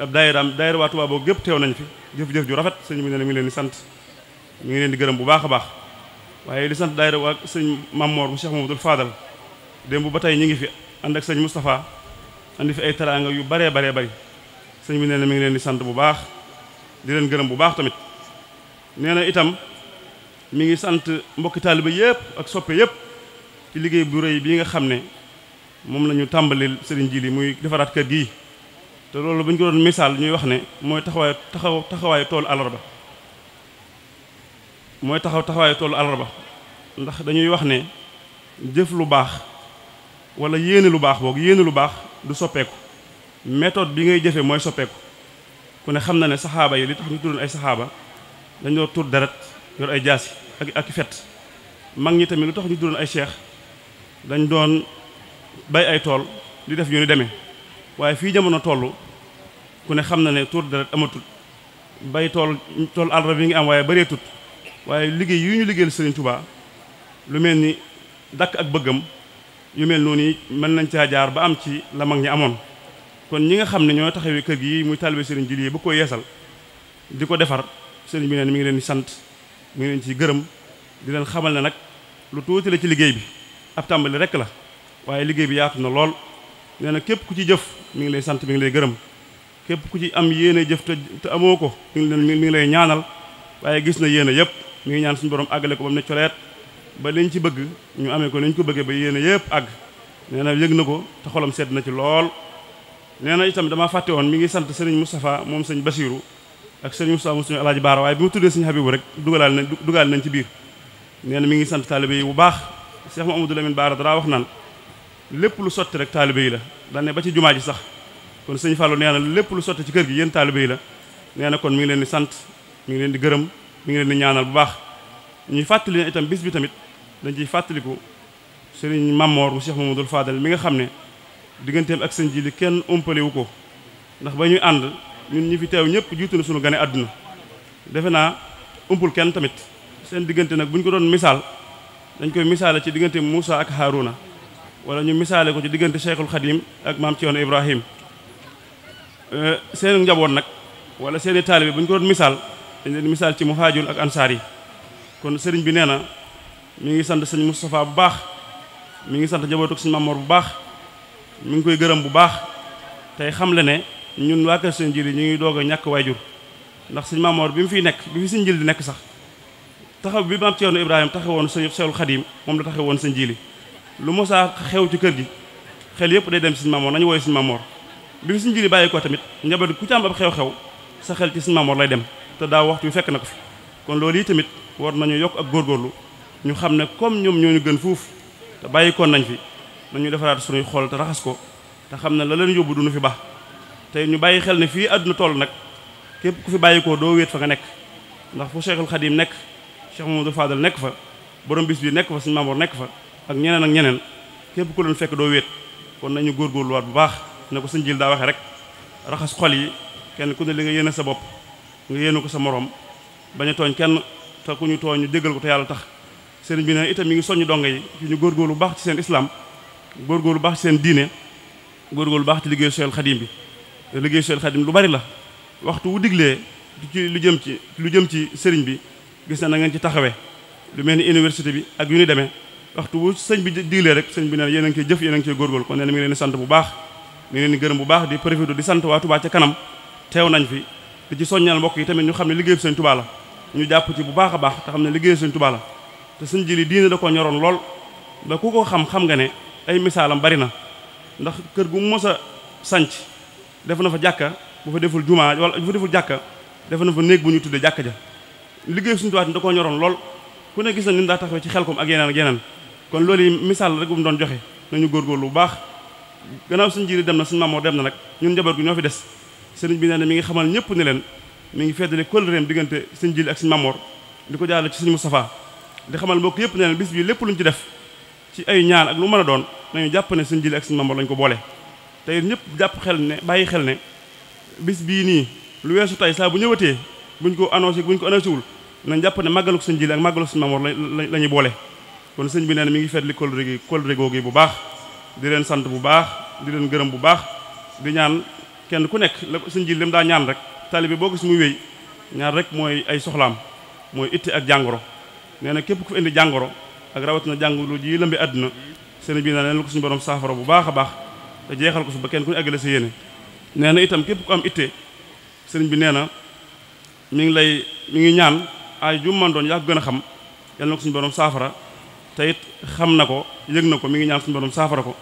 ab daayiraam daayira waa boobu gépp teew nañ fi jëf-jëf ju rafet sëñ bi ne mi ngi leen di sant mu ngi leen di gërëm bu baax a baax waaye li sant daayira waa sëñ mamoor bu Cheikh Mamadou Fadal démb ba tey ñu ngi fi ànd ak sëñ Moustapha andi fi ay teraanga yu baree baree bari sëñ bi nee na mi ngi leen di sant bu baax di leen gërëm bu baax tamit nee na itam mi ngi sant mbokki taaliba yëpp ak soppe yëpp ci liggéey bu rëy bii nga xam ne moom lañu ñu tàmbalil ji li muy defaraat kër te loolu bu ñu ko doon misaal ñuy wax ne mooy taxawaay taxaw taxawaayu toolu ba mooy taxaw taxawaayu toolu ba ndax dañuy wax ne jëf lu baax wala yéene lu baax boog yéene lu baax du soppeeku méthode bi ngay jëfe mooy soppeeku ku ne xam na ne saxaaba yi li tax ñu tuddoon ay saxaaba dañoo tur deret yor ay jaasi ak ak fet mag ñi tamit lu tax ñu tuddoon ay cheikh dañ doon bay ay tool di def ñu ni demee waaye fii jamono toll ku ne xam na ne tuur deret amatut bay tool tool àll bi ngi am waaye bëree tut waaye liggéey yu ñu liggéeyal Serigne Touba lu mel ni dakk ak bëggam yu mel noonu mën nañ caa jaar ba am ci la mag ñi amoon kon ñi nga xam ne ñoo taxawee kër gi muy taalibe Serigne Jili bu ko yeesal di ko defar Serigne bi neen mi ngi leen di sant mi ngi leen ci gërëm di leen xamal ne nag lu tuuti la ci liggéey bi ab tàmbali rekk la waaye liggéey bi yaatu na lool na képp ku ci jëf mi ngi lay sant mi ngi lay gërëm képp ku ci am yéene jëf te amoo ko mi ngi mi ngi lay ñaanal waaye gis na yéene yëpp mi ngi ñaan suñ borom àggale ko ba mu ne coleet ba liñ ci bëgg ñu amee ko liñ ko bëggee ba yéene yëpp àgg nee na yëg na ko te xolam sedd na ci lool nee na itam damaa fàtte woon mi ngi sant sëriñ Moustapha moom sëñ Basiru ak sëriñ Moustapha moom sëñ Alaaji baar waaye bi mu tuddee sëñ Habibu rek dugalaal nañ dugal nañ ci biir nee na mi ngi sant taalibe yi bu baax Cheikh Mamadou Lamine Baara dara wax naan lépp lu sotti rek taalibe yi la dañ ba ci jumaa ji sax kon sëñ Fallou nee na lépp lu sotti ci kër gi yéen taalibe yi la nee na kon mi ngi leen di sant mi ngi leen di gërëm mi ngi leen di ñaanal bu baax ñuy fàttali ne itam bis bi tamit dañ ciy fàttaliku sëriñ Mamor mu Cheikh Mamadou Fadal mi nga xam ne digganteem ak sëñ ji li kenn umpaliwu ko ndax ba ñuy ànd ñun ñi fi teew ñëpp jiitu na sunu gane àdduna defe naa umpul kenn tamit seen diggante nag bu ñu ko doon misaal dañ koy misaale ci diggante Moussa ak Harouna wala ñu misaale ko ci diggante Cheikhul Khadim ak maam Thierno Ibrahim euh, seen njaboot nag wala seeni taalibe bu ñu ko doon misaal dañ leen misaal ci mu muhaajir ak ansaar yi kon sëriñ bi nee na mi ngi sant sëñ Moustapha bu baax mi ngi sant njabootu ak sëñ Mamor bu baax mi ngi koy gërëm bu baax tey xam le ne ñun waa kër sëñ Jili ñu ngi doog a ñàkk waajur ndax sëñ Mamor bi mu fiy nekk bi fi sëñ Jili di nekk sax taxaw bi maam Thierno Ibrahim taxawoon sëñ Cheikhul Khadim moom la taxawoon sëñ Jili lu mosaa xew ci kër gi xel yëpp day dem ci Sëñ nañu wooye Sëñ Mamoor bi fi Sëñ Jili bàyyi ko tamit njaboot ku ci am ab xew-xew sa xel ci Sëñ Mamoor lay dem te daaw waxtu wi fekk na ko fi kon loolu yi tamit war nañu yokk ak góorgóorlu ñu xam ne comme ñoom ñoo ñu gën fuuf te bàyyi koon nañ fi nañuy defaraat suñuy xool te raxas ko te xam ne la leen yóbbu duñu fi ba tey ñu bàyyi xel ne fii àdduna toll nag képp ku fi bàyyi ko doo wéet fa nga nekk ndax fu Cheikhul Khadim nekk Cheikh Mamadou Fadal nekk fa borom bis bi nekk fa Sëñ nekk fa ak ñeneen ak ñeneen képp ku leen fekk doo wéet kon nañu góorgóorluwaat bu baax na ko sëñ jil daa waxee rek raxas xol yi kenn ku ne li nga yéene sa bopp nga yéene ko sa moroom bañ a tooñ kenn te ku ñu tooñ ñu jéggal ko te yàlla tax sëriñ bi ne itam mi ngi soññ dongo yi ci ñu góorgóorlu lu baax ci seen islam góorgóorlu baax ci seen diine lu baax ci liggéey soyal xadim bi liggéey soyal xadim lu bari la waxtu wu diglee ci lu jëm ci lu jëm ci sëriñ bi gis na na ci taxawee lu mel ni université bi ak yu ni demee waxtu sëñ bi diilee rek sëñ bi nee na yéen a ngi ciy jëf yéen a ngi ciy góorgóorlu kon nee na mi ngi leen sant bu baax mi ngi leen di gërëm bu baax di profité di sant waa Touba ca kanam teew nañ fi di ci soññal mbokk yi tamit ñu xam ne liggéey bi sëñ Touba la ñu jàpp ci bu baax a baax te xam ne liggéey sëñ Touba la te sëñ jili diine da ko ñoroon lool ba ku ko xam xam nga ne ay misaalam bari na ndax kër gu mos a sanc def na fa jàkka bu fa deful jumaa wala bu fa deful jàkka na fa néeg bu ñu tuddee jàkka ja liggéey sëñ Touba da ko ñoroon lool ku ne gis na ni daa taxawee ci xelkom ak yeneen ak yeneen kon loolu yi misaal rek bu mu doon joxe nañu góorgóorlu lu baax gannaaw suñu jiiri dem na suñu mamoo dem na nag ñun njaboot gi ñoo fi des sëriñ bi na ne mi ngi xamal ñëpp ne leen mi ngi feddali kóllëreem diggante suñu jiiri ak suñu mamoor di ko jaarale ci suñu Moustapha di xamal mbokk yëpp ne leen bis bi lépp luñ ci def ci ay ñaan ak lu mën a doon nañu jàpp ne suñu jiiri ak suñu mamoor lañ ko boole te it ñëpp jàpp xel ne bàyyi xel ne bis bii nii lu weesu tey saa bu ñëwatee buñ ko annoncé buñ ko annoncé wul nañ jàpp ne màggalu suñu jiiri ak màggalu suñu mamoor la ñuy boole kon sëñ bi nee mi ngi fetli kóllëre gi kóllëre googu bu baax di leen sant bu baax di leen gërëm bu baax di ñaan kenn ku nekk la ko sëñ ji lim daa ñaan rek taalibe boo gis muy wéy ñaan rek mooy ay soxlaam mooy itti ak jàngoro nee na képp ku fi indi jàngoro ak na jàngoro ji lëmbi àdduna sëriñ bi nee na la ko borom saafara bu baax a baax te jeexal ko su ba kenn ku ne si sa yéene nee na itam képp ku am itte sëriñ bi nee na mi ngi lay mi ngi ñaan ay jum gën a xam yal na ko saafara te it xam na ko yëg na ko mi ngi ñaam suñu borom saafara ko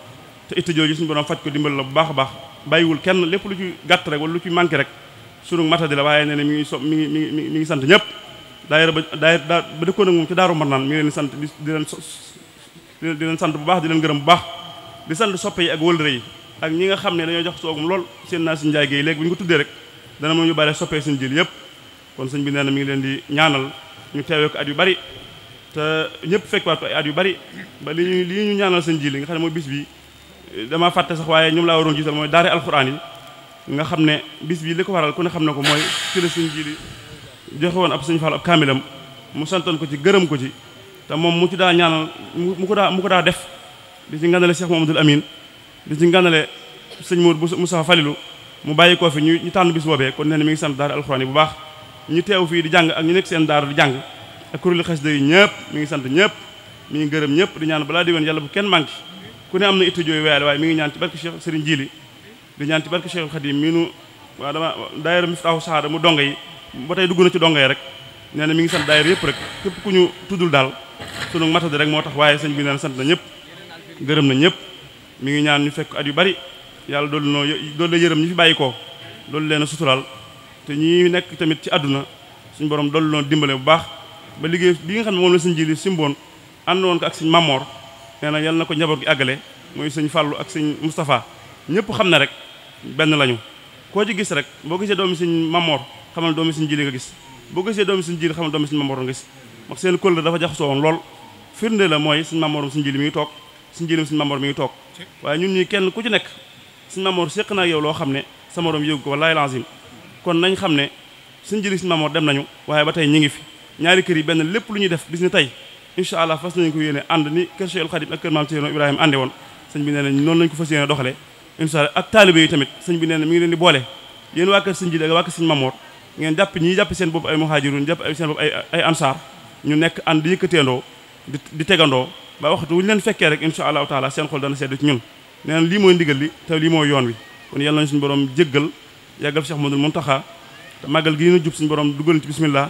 te itte jooju suñu borom faj ko dimbal la bu baax a baax bàyyiwul kenn lépp lu ci gàtt rek wala lu ci manqué rek sunu matadi la waaye nee na mi ngi so mi ngi mi ngi mi ngi sant ñëpp daayira ba daayira ba dëkkoon ak moom ci daaru Marnaan mi ngi leen sant di di leen di leen sant bu baax di leen gërëm bu baax di sant soppe yi ak wëlëre yi ak ñi nga xam ne dañoo jox soogum lool seen naa suñu njaay géey léegi bu ñu ko tuddee rek dana moom ñu bàyyi soppee suñu jil yëpp kon sëñ bi nee na mi ngi leen di ñaanal ñu teewee ko at yu bari te ñëpp fekk ko ay at yu bari ba li ñuy li ñu ñaanal seen ji li nga xam ne mooy bis bi dama fàtte sax waaye ñoom laa waroon jiital mooy daara alxuraan yi nga xam ne bis bi li ko waral ku ne xam ne ko mooy ci la seen ji li joxe woon ab sëñ Fall ab kaamilam mu santoon ko ci gërëm ko ci te moom mu ci daa ñaanal mu ko daa mu ko daa def di ci ngandale Cheikh Mamadou Amine di ci ngandale sëñ Mour Moussa Falilou mu bàyyi koo fi ñu ñu tànn bis boobee kon nee na mi ngi sant daara alxuraan bu baax ñu teew fii di jàng ak ñu nekk seen daara di jàng ak kuréelu xasida yi ñëpp mi ngi sant ñëpp mi ngi gërëm ñëpp di ñaan balaa diwén yàlla bu kenn manqué ku ne am na itta jooyu weyale waaye mi ngi ñaan ci barke Cheikh Serigne Djili di ñaan ci barke Cheikh Khadim miinu waa dama daayira Miftaahu Sahaada mu donga dugg na ci donga rek nee na mi ngi sant daayira yëpp rek képp ku ñu tuddul daal sunu matadi rek moo tax waaye sëñ bi neen sant ñëpp gërëm na ñëpp mi ngi ñaan ñu fekk at yu bari yàlla doolu noo doolu la yërëm ñu fi bàyyi ko doolu a sutural te ñi nekk tamit ci àdduna suñu borom doolu loo dimbale bu baax ba liggéey bi nga xam ne moom la sëñ jili simboon àndoon ko ak sëñ Mamor nee na yal na ko njaboot gi àggale mooy sëñ Fallou ak sëñ Moustapha ñëpp xam ne rek benn lañu koo ci gis rek boo gisee doomi sëñ Mamor xamal doomi sëñ jili nga gis boo gisee doomi sëñ jili xamal doomi sëñ Mamor nga gis ndax seen kóllëre dafa jaxasoo woon lool firnde la mooy sëñ Mamorum sëñ jili mi ngi toog sëñ jili sëñ mamoor mi ngi toog waaye ñun ñii kenn ku ci nekk sëñ Mamor naa yow loo xam ne sa morom yëgu ko wallaay lazim kon nañ xam ne sëñ jili sëñ dem nañu waaye ba tey ñi ngi fi ñaari kër yi benn lépp lu ñuy def bis ni tey incha allah fas nañu ko yéene ànd ni kër Cheikh Khadim ak kër maam Thierno Ibrahima ànde woon sëñ bi nee na noonu lañu ko fas yéene doxale incha ak taalibe yi tamit sëñ bi nee na mi ngi leen di boole yéen waa kër sëñ ji ak waa kër sëñ Mamoor ngeen jàpp ñi jàpp seen bopp ay muhaajiruun jàpp seen bopp ay ay ansaar ñu nekk ànd di yëkkateendoo di di tegandoo ba waxtu wuñu leen fekkee rek incha allahu taala seen xol dana sedd ci ñun nee na lii mooy ndigal li te lii mooy yoon wi kon yàlla nañu suñu borom gi ñu jub suñu borom dugal ci bismillah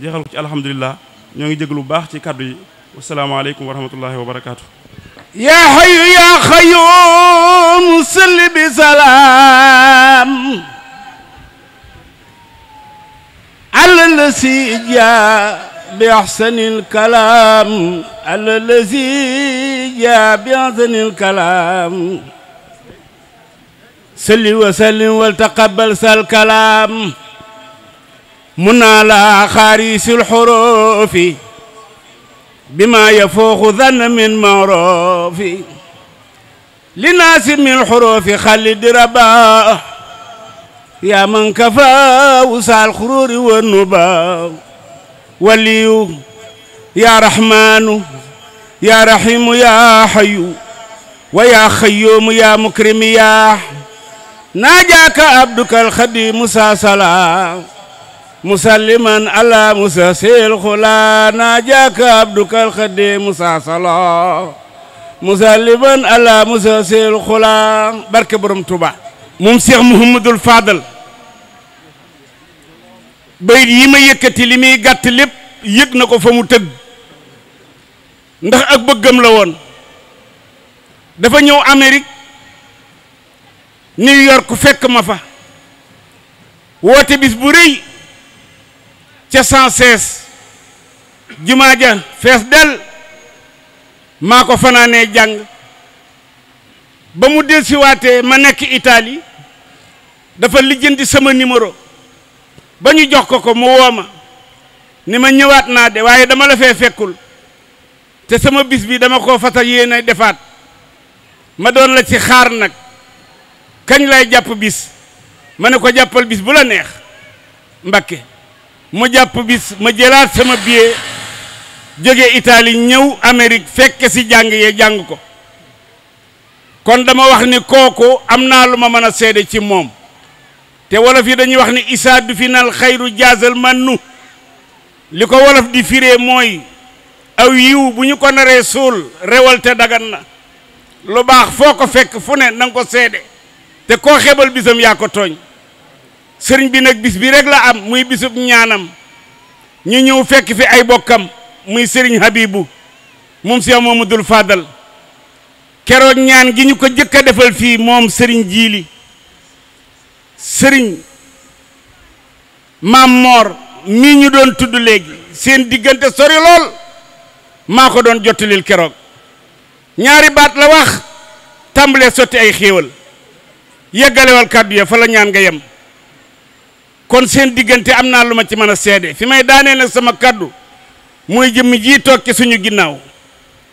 jeexal ko ci alhamdulilah ñoo ngi jéglu bu baax ci kàddu yi wasalaamaaleykum wa rahmatullahi wa barakaatu. yaa xayu yaa xayyuum salli bi salaam ala lasi jaa bi ahsanil kalaam ala lasi jaa bi ahsanil kalaam salli wa sallim wal taqabbal sal kalaam mun naa laa xaarisul xoroofi bima yafooxu dhann min mawroofi li naasimil xoroofi xalid rabaa yaa man kafaa wusaal xuruuri wa nubaa waliyu yaa raxmaanu yaa raxiimu yaa xayu wa yaa xayyoomu yaa mukrimi yaa naajaaka abduka alxadiimu saa salaa مسلما على موسى سيل خلا ناجاك عبدك الخديم موسى صلاة مسلما على موسى سيل خلا barke borom Tuuba moom Cheikh Mouhamadul Fadal bayit yi ma yëkkati li muy gàtt lépp yëg na ko fa mu tëdd ndax ak bëggam la woon dafa ñëw amerig New York fekk ma fa woote bis bu rëy ca cent seize jumaa ja fees del maa ko fanaanee jàng ba mu del siwaatee ma nekk Italie dafa lijjanti sama numéro ba ñu jox ko ko mu woo ni ma ñëwaat naa de waaye dama la fee fekkul te sama bis bi dama ko fata yéene defaat ma doon la ci xaar nag kañ lay jàpp bis ma ne ko jàppal bis bu la neex Mbakke mu jàpp bis ma jëlaat sama billet jóge Italie ñëw Amérique fekk si jàng yee jàng ko kon dama wax ni kooku am naa lu ma mën a seede ci moom te wolof yi dañuy wax ni isaa du final xayru jaasal man nu li ko wolof di fiire mooy aw yiw bu ñu ko naree suul rewal te dagan na lu baax foo ko fekk fu ne na ko seede te koo xebal bisam yaa ko tooñ sëriñ bi nag bis bi rek la am muy bisub ñaanam ñu ñëw fekk fi ay bokkam muy sëriñ Habibu moom Cheikh Mamadou Fadal keroog ñaan gi ñu ko jëkk a defal fii moom sëriñ Jiili sëriñ maam Moor mii ñu doon tudd léegi seen diggante sori lool maa ko doon jottalil keroog ñaari baat la wax tàmbalee sotti ay xéewal yeggalewal kàddu ya fa la ñaan nga yem kon seen diggante am naa lu ma ci mën a seede fi may daaneel nag sama kàddu muy jëmm ji toog ci suñu ginnaaw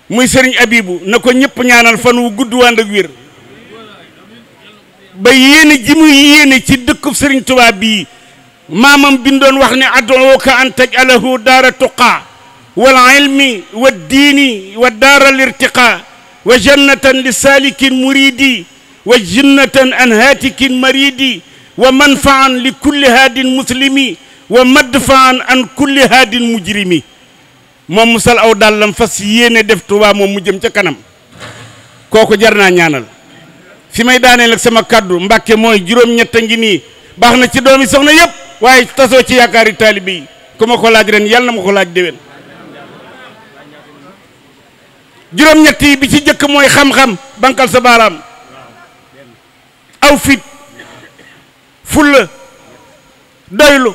muy sëriñ abibu na ko ñëpp ñaanal fan wu gudd wànd ak wér ba yéene ji muy yéene ci dëkkub sëriñ Tuubaa bii maamam bindoon wax ne ad'uuka an taj'alahu daara tuqaa wal ilmi wa diini wa daara lirtiqaa wa jannatan li saalikin muriidi wa jannatan an haatikin mariidi wa manfaan li kulli haadin muslimi wa madfaan an kulli haadin mi moom mu sal aw dàllam fas yéene def Tuubaa moom mu jëm ca kanam kooku jar naa ñaanal fi may daaneel ak sama kàddu Mbàkke mooy juróom-ñett a ngi nii baax na ci doom yi soxna yëpp waaye tasoo ci yaakaari taalibe yi ku ma ko laaj ren yàlla ma ko laaj déwén juróom-ñett yi bi ci jëkk mooy xam-xam bankal sa baaraam aw fit fulla doylu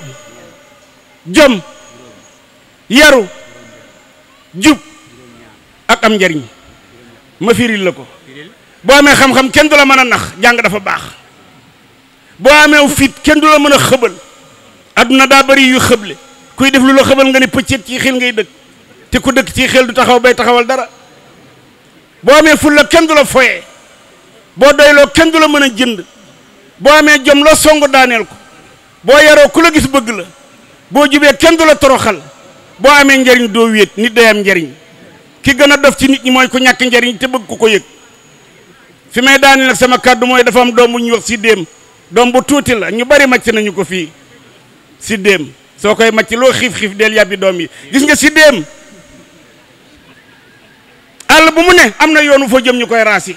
jom yaru jub ak am njariñ ma firil la ko boo amee xam-xam kenn du la mën a nax jàng dafa baax boo amee fit kenn du la mën a xëbal adduna daa bari yu xëble kuy def lu la xëbal nga ne pëccet ci xel ngay dëkk te ku dëkk ci xel du taxaw bay taxawal dara boo amee fulla kenn du la foye boo doyloo kenn du la mën a jënd boo amee jom la song daaneel ko boo yaroo ku la gis bëgg la boo jubee kenn du la toroxal boo amee njariñ doo wéet nit day am njariñ ki gën a dof ci nit ñi mooy ku ñàkk njariñ te bëgg ku ko yëg fi may daaneel sama kàddu mooy dafa am doom bu ñuy wax si déem doom bu tuuti la ñu bari màcc nañu ko fii siddéem soo koy màcc loo xiif xiif del yàbbi doom yi gis nga si déem àll bu mu ne am na yoonu foo jëm ñu koy raasi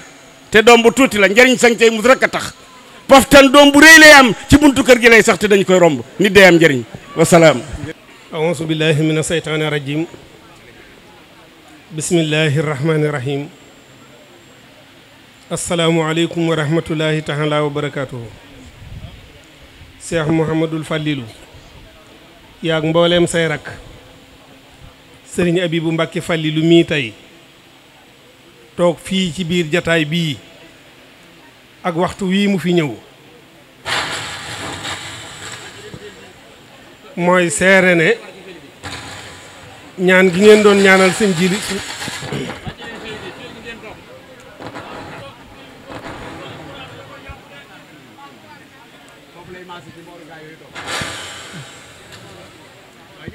te doom bu tuuti la njariñ sañ tey mus a tax poftan doom bu réy lay am ci buntu kër gi lay sax te dañ koy romb nit day am njëriñ wasalaam aousu billahi min asheytaani rajim bismillahi rahmani rahim asalaamualeykum wa rahmatullahi taala wa barakatuhu cheikh mouhamadul fàllilu yaag mbooleem say rakk sëriñ abibu mbàkki fàllilu mii tey toog fii ci biir jataay bii ak waxtu wii mu fi ñëw mooy seere ne ñaan gi ngeen doon ñaanal sëñ jili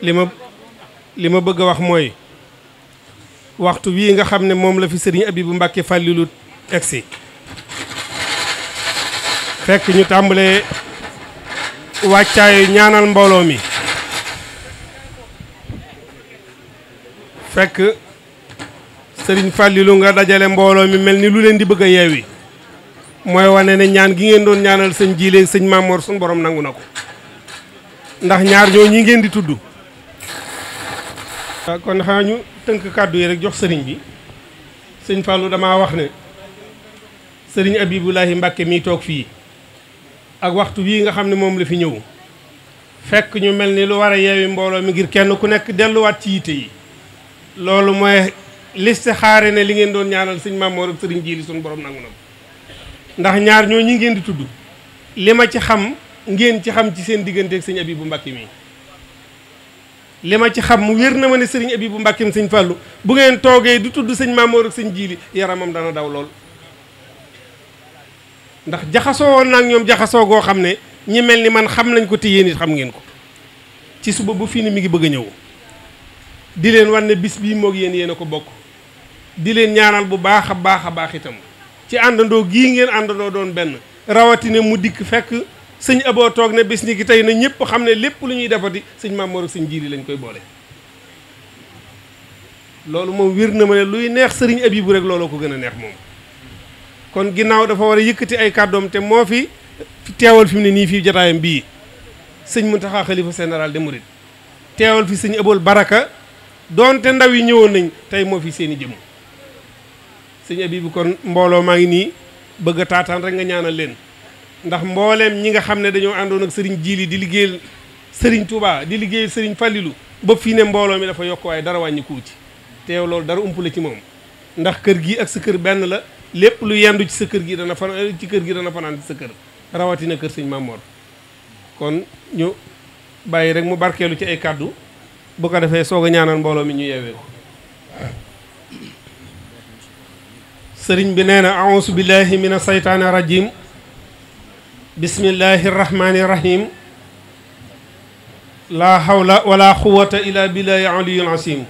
li ma li ma bëgg a wax mooy waxtu wii nga xam ne moom la fi sëriñ bu Mbàkke fàllilu egsi fekk ñu tàmbalee wàccaayu ñaanal mbooloo mi fekk sëriñ Fàllilu nga dajale mbooloo mi mel ni lu leen di bëgg a yeewi mooy wane ne ñaan gi ngeen doon ñaanal sëñ Jiile sëñ Maamoor suñ borom nangu na ko ndax ñaar ñoo ñi ngeen di tudd ah, kon xanaa tënk kàddu yi rek jox sëriñ bi sëñ Fàllu damaa wax ne sëriñ Abibulahi Mbàkke mii toog fii ak waxtu wii nga xam ne moom la fi ñëw fekk ñu mel ni lu war a yeewi mbooloo mi ngir kenn ku nekk delluwaat ci yitte yi loolu mooy listixaare ne li ngeen doon ñaanal sëñ Mamoor ak sëriñ Jiili suñu borom nangu na ndax ñaar ñoo ñi ngeen di tudd li ma ci xam ngeen ci xam ci seen diggante ak sëñ bu Mbàkke mi li ma ci xam mu wér na ma ne sëriñ Abibu Mbàkke mi sëñ Fàllu bu ngeen toogee di tudd sëñ Mamoor ak sëñ Jiili yaramam dana daw lool ndax jaxasoo woon naa ak ñoom jaxasoo goo xam ne ñi mel ni man xam nañ ko te yéen xam ngeen ko ci suba bu fii ni mi ngi bëgg a ñëw di leen wan ne bis bii moog yéen yéen a ko bokk di leen ñaanal bu baax a baax a baax itam ci àndandoo gii ngeen àndandoo doon benn rawatine mu dikk fekk sëñ aboo toog ne bis ni ki tey na ñëpp xam ne lépp lu ñuy defati sëñ Mamoor ak sëñ Jiili lañ koy boole loolu moom wér na ma ne luy neex sëriñ Abibu rek looloo ko gën a neex moom kon ginnaaw dafa war a yëkkati ay kàddoom te moo fi teewal fi mu ne nii fii jotaayam bii sëñ mu Muntaxa xalifa général des mourides teewal fi sëñ Abul Baraka doonte ndaw yi ñëwoon nañ tey moo fi seen i jëm sëñ Abibu kon mbooloo maa ngi nii bëgg a taataan rek nga ñaanal leen ndax mbooleem ñi nga xam ne dañoo àndoon ak sëriñ Jili di liggéeyal sëriñ Touba di liggéeyal sëriñ Falilu ba fii ne mbooloo mi dafa yokk waaye dara wàññi kuu ci teew loolu dara ci moom ndax kër gi ak sa kër benn la lépp lu yendu ci sa kër gi dana fanaan ci kër gi dana fanaan ci sa kër rawatina kër sëñ Mamor kon ñu bàyyi rek mu barkeelu ci ay kàddu bu ko defee soog a ñaanal mbooloo mi ñu yeewee ko sëriñ bi nee na auusu billaahi min a saytaani rajim bismillaahi rahmaani rahim laa hawla walaa quwata illa billaahi aliyul asiim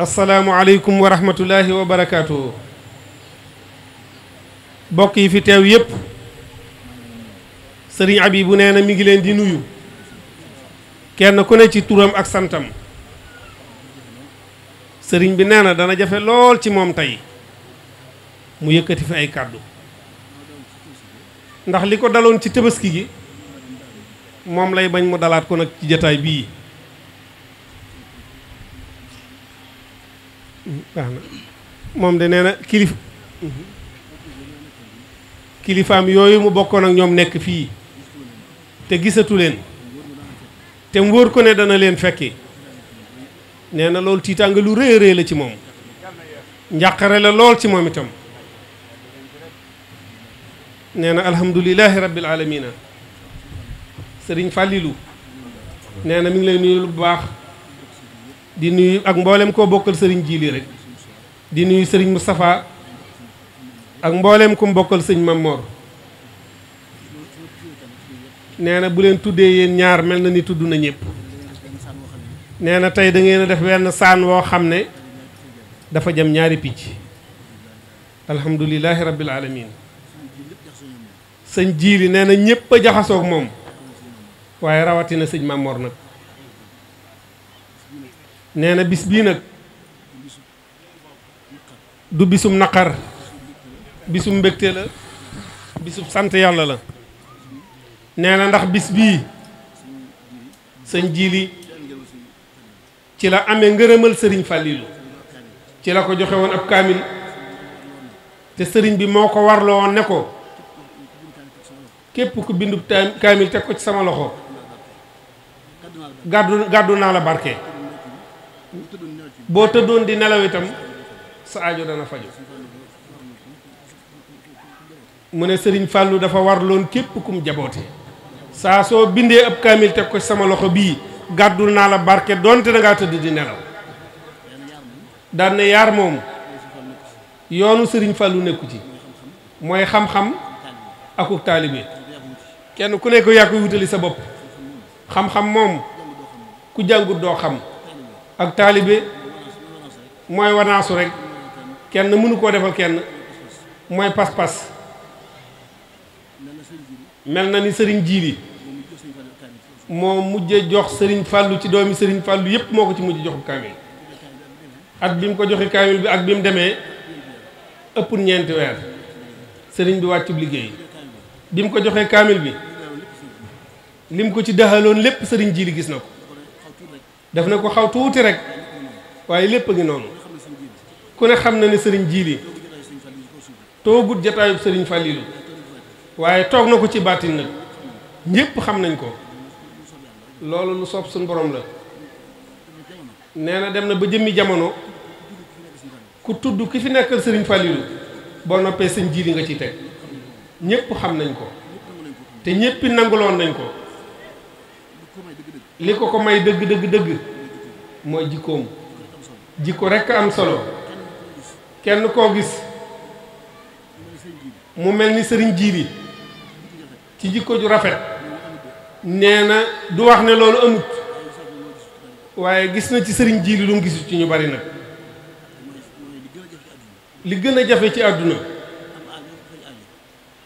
asalaamualeykum wa rahmatullahi wa barakaatu. bokk yi fi teew yépp sëriñ bu nee na mi ngi leen di nuyu kenn ku ne ci turam ak santam sëriñ bi nee na dana jafe lool ci moom tey mu yëkkati fi ay kàddu ndax li ko daloon ci tabaski gi moom lay bañ mu dalaat ko nag ci jataay bii moom de nee na kilif kilifaam yooyu mu bokkoon ak ñoom nekk fii te gisatu leen te mu wóor ko ne dana leen fekki nee na loolu tiitaanga lu rëy a rëy la ci moom njàqare la lool ci moom itam nee na alhamdulilahi rabbil alamina sëriñ fàllilu nee na mi ngi lay nuyu lu baax di nuyu ak mbooleem koo bokkal sëriñ Jili rek di nuyu sëriñ Moustapha ak mbooleem ko mbokkal sëñ Mamor nee na bu leen tuddee yéen ñaar mel na ni tudd na ñépp nee na tey dangeen a def wenn saan woo xam ne dafa jam ñaari picc alhamdulilahi rabbil alamin sëñ Jili nee na ñëpp a jaxasoog moom waaye rawatina sëñ Mamor nag nee na bis bii nag du bisum naqar bisum mbégte la bisum sant yàlla la nee na ndax bis bii sëñ Jili ci la amee ngërëmal sëriñ Fàllilu ci la ko joxe woon ab kaamil te sëriñ bi moo ko warloo woon ne ko képp ku bindu kaamil teg ko ci sama loxo gàddu gàddu naa la barke boo tëddoon di nelaw itam sa ajo dana faju mu ne sëriñ fàllu dafa war loon képp kum jaboote saa soo bindee ab kaamil teg ko sama loxo bii gàddul naa la barke doonte dangaa tëdd di nelaw daan ne yaar moom yoonu sëriñ fàllu nekku ci mooy xam-xam akuk taalibe kenn ku nekk yaa koy wutali sa bopp xam-xam moom ku jàngut doo xam ak taalibe mooy wanaasu rek kenn mënu koo defal kenn mooy pas-pas mel na ni sëriñ jiili moo mujje jox sëriñ fàllu ci doomi sëriñ fàllu yépp moo ko ci mujj joxu kaamil ak bi mu ko joxe kaamil bi ak bi mu demee ëpp ñeenti weer sëriñ bi wàccub liggéey bi mu ko joxee kaamil bi lim ko ci daxaloon lépp sëriñ jiili gis na ko daf na ko xaw tuuti rek waaye lépp a ngi noonu ku ne xam na ne sëriñ jiili toogut jataayub sëriñ Faliilu waaye toog na ko ci baatin nag ñépp xam nañ ko loolu lu soob suñ borom la nee na dem na ba jëmmi jamono ku tudd ki fi nekkal sëriñ Faliilu boo noppee sëñ yi nga ci teg ñépp xam nañ ko te ñéppi nanguloon nañ ko li ko ko may dëgg dëgg dëgg mooy jikkoom jikko rekk am solo kenn koo gis mu mel ni sëriñ jiiri ci jikko ju rafet nee na du wax ne loolu amut waaye gis na ci sëriñ jiiri lu mu gisu ci ñu bari nag li gën a jafe ci àdduna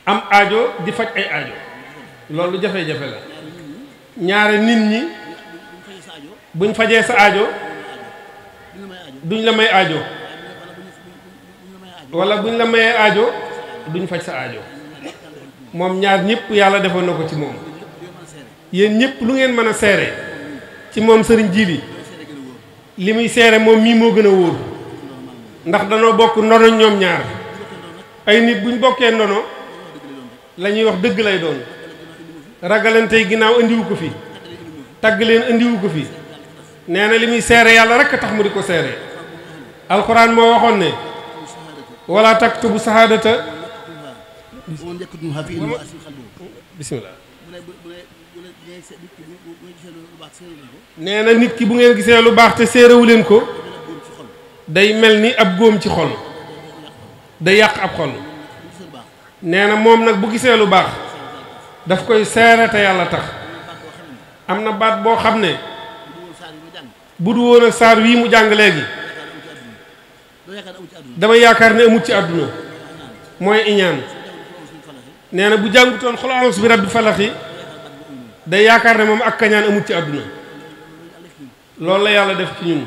am ajo di faj ay ajo loolu jafe-jafe la ñaare nit ñi buñ fajee sa ajo duñ la may ajo walla buñ la mayee ajo duñ faj sa ajo moom ñaar ñëpp yàlla defoon na ko ci moom yéen ñëpp lu ngeen mën a seere ci moom sëriñ Jiili li muy seere moom mii moo gën a wóor ndax danoo bokk ndono ñoom ñaar ay nit buñ bokkee ndono la ñuy wax dëgg lay doon ragalante ginnaaw andiwu ko fi tagg leen andiwu ko fi nee na li muy seere yàlla rek tax mu di ko seere alxuraan moo waxoon ne wala taktubu sahaadata bismillah nee na nit ki bu ngeen gisee lu baax te séeréwu leen ko day mel ni ab góom ci xol day yàq ab xol nee na moom nag bu gisee lu baax daf koy seere te yàlla tax am na baat boo xam ne bu du woon ak saar wii mu jàng léegi damay yaakaar ne amut ci àdduna mooy iñaan nee na bu jàngutoon xul a'uuzu bi rabbi falaxi day yaakaar ne moom ak kañaan amut ci àdduna loolu la yàlla def ci ñun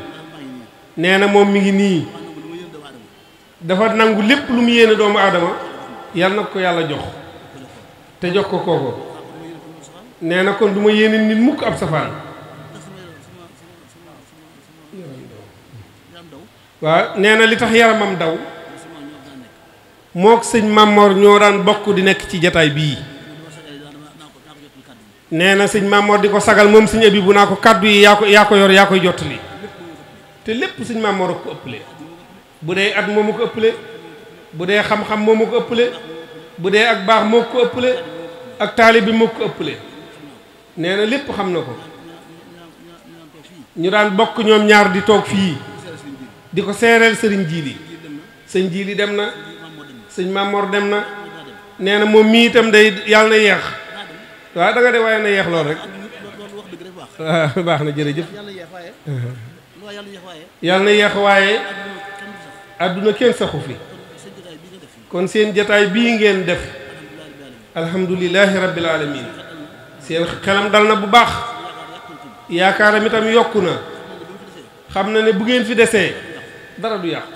nee na moom mi ngi nii dafa nangu lépp lu mu yéene doomu aadama yàlla na ko yàlla jox te jox ko ko ko nee na kon du ma yéene nit mukk ab safaan waaw nee na li tax yaramam daw mook sëñ Mamor ñoo daan bokk di nekk ci jataay bii nee na sëñ Mamor di ko sagal moom sëñ abi bu naa ko kàddu yi yaa ko yaa ko yor yaa koy jottali te lépp sëñ Mamor a ko ëppale bu dee at moomu ko ëppale bu dee xam-xam moomu ko ëppale bu dee ak baax moo ko ëppale ak taalib bi moo ko ëppale nee na lépp xam na ko ñu daan bokk ñoom ñaar di toog fii di ko seereel sëriñ jiili sëñ jiili dem na sëñ Mamor dem na nee na moom mii itam day yàlla na yeex waaw da nga de waaye na yeex lool rek baax na jërëjëf yàlla na yeex waaye àdduna kenn saxu fi kon seen jataay bii ngeen def alhamdulilahi rabbil alamin seen xelam dal na bu baax yaakaaram itam yokk na xam na ne bu ngeen fi desee dara du yàqu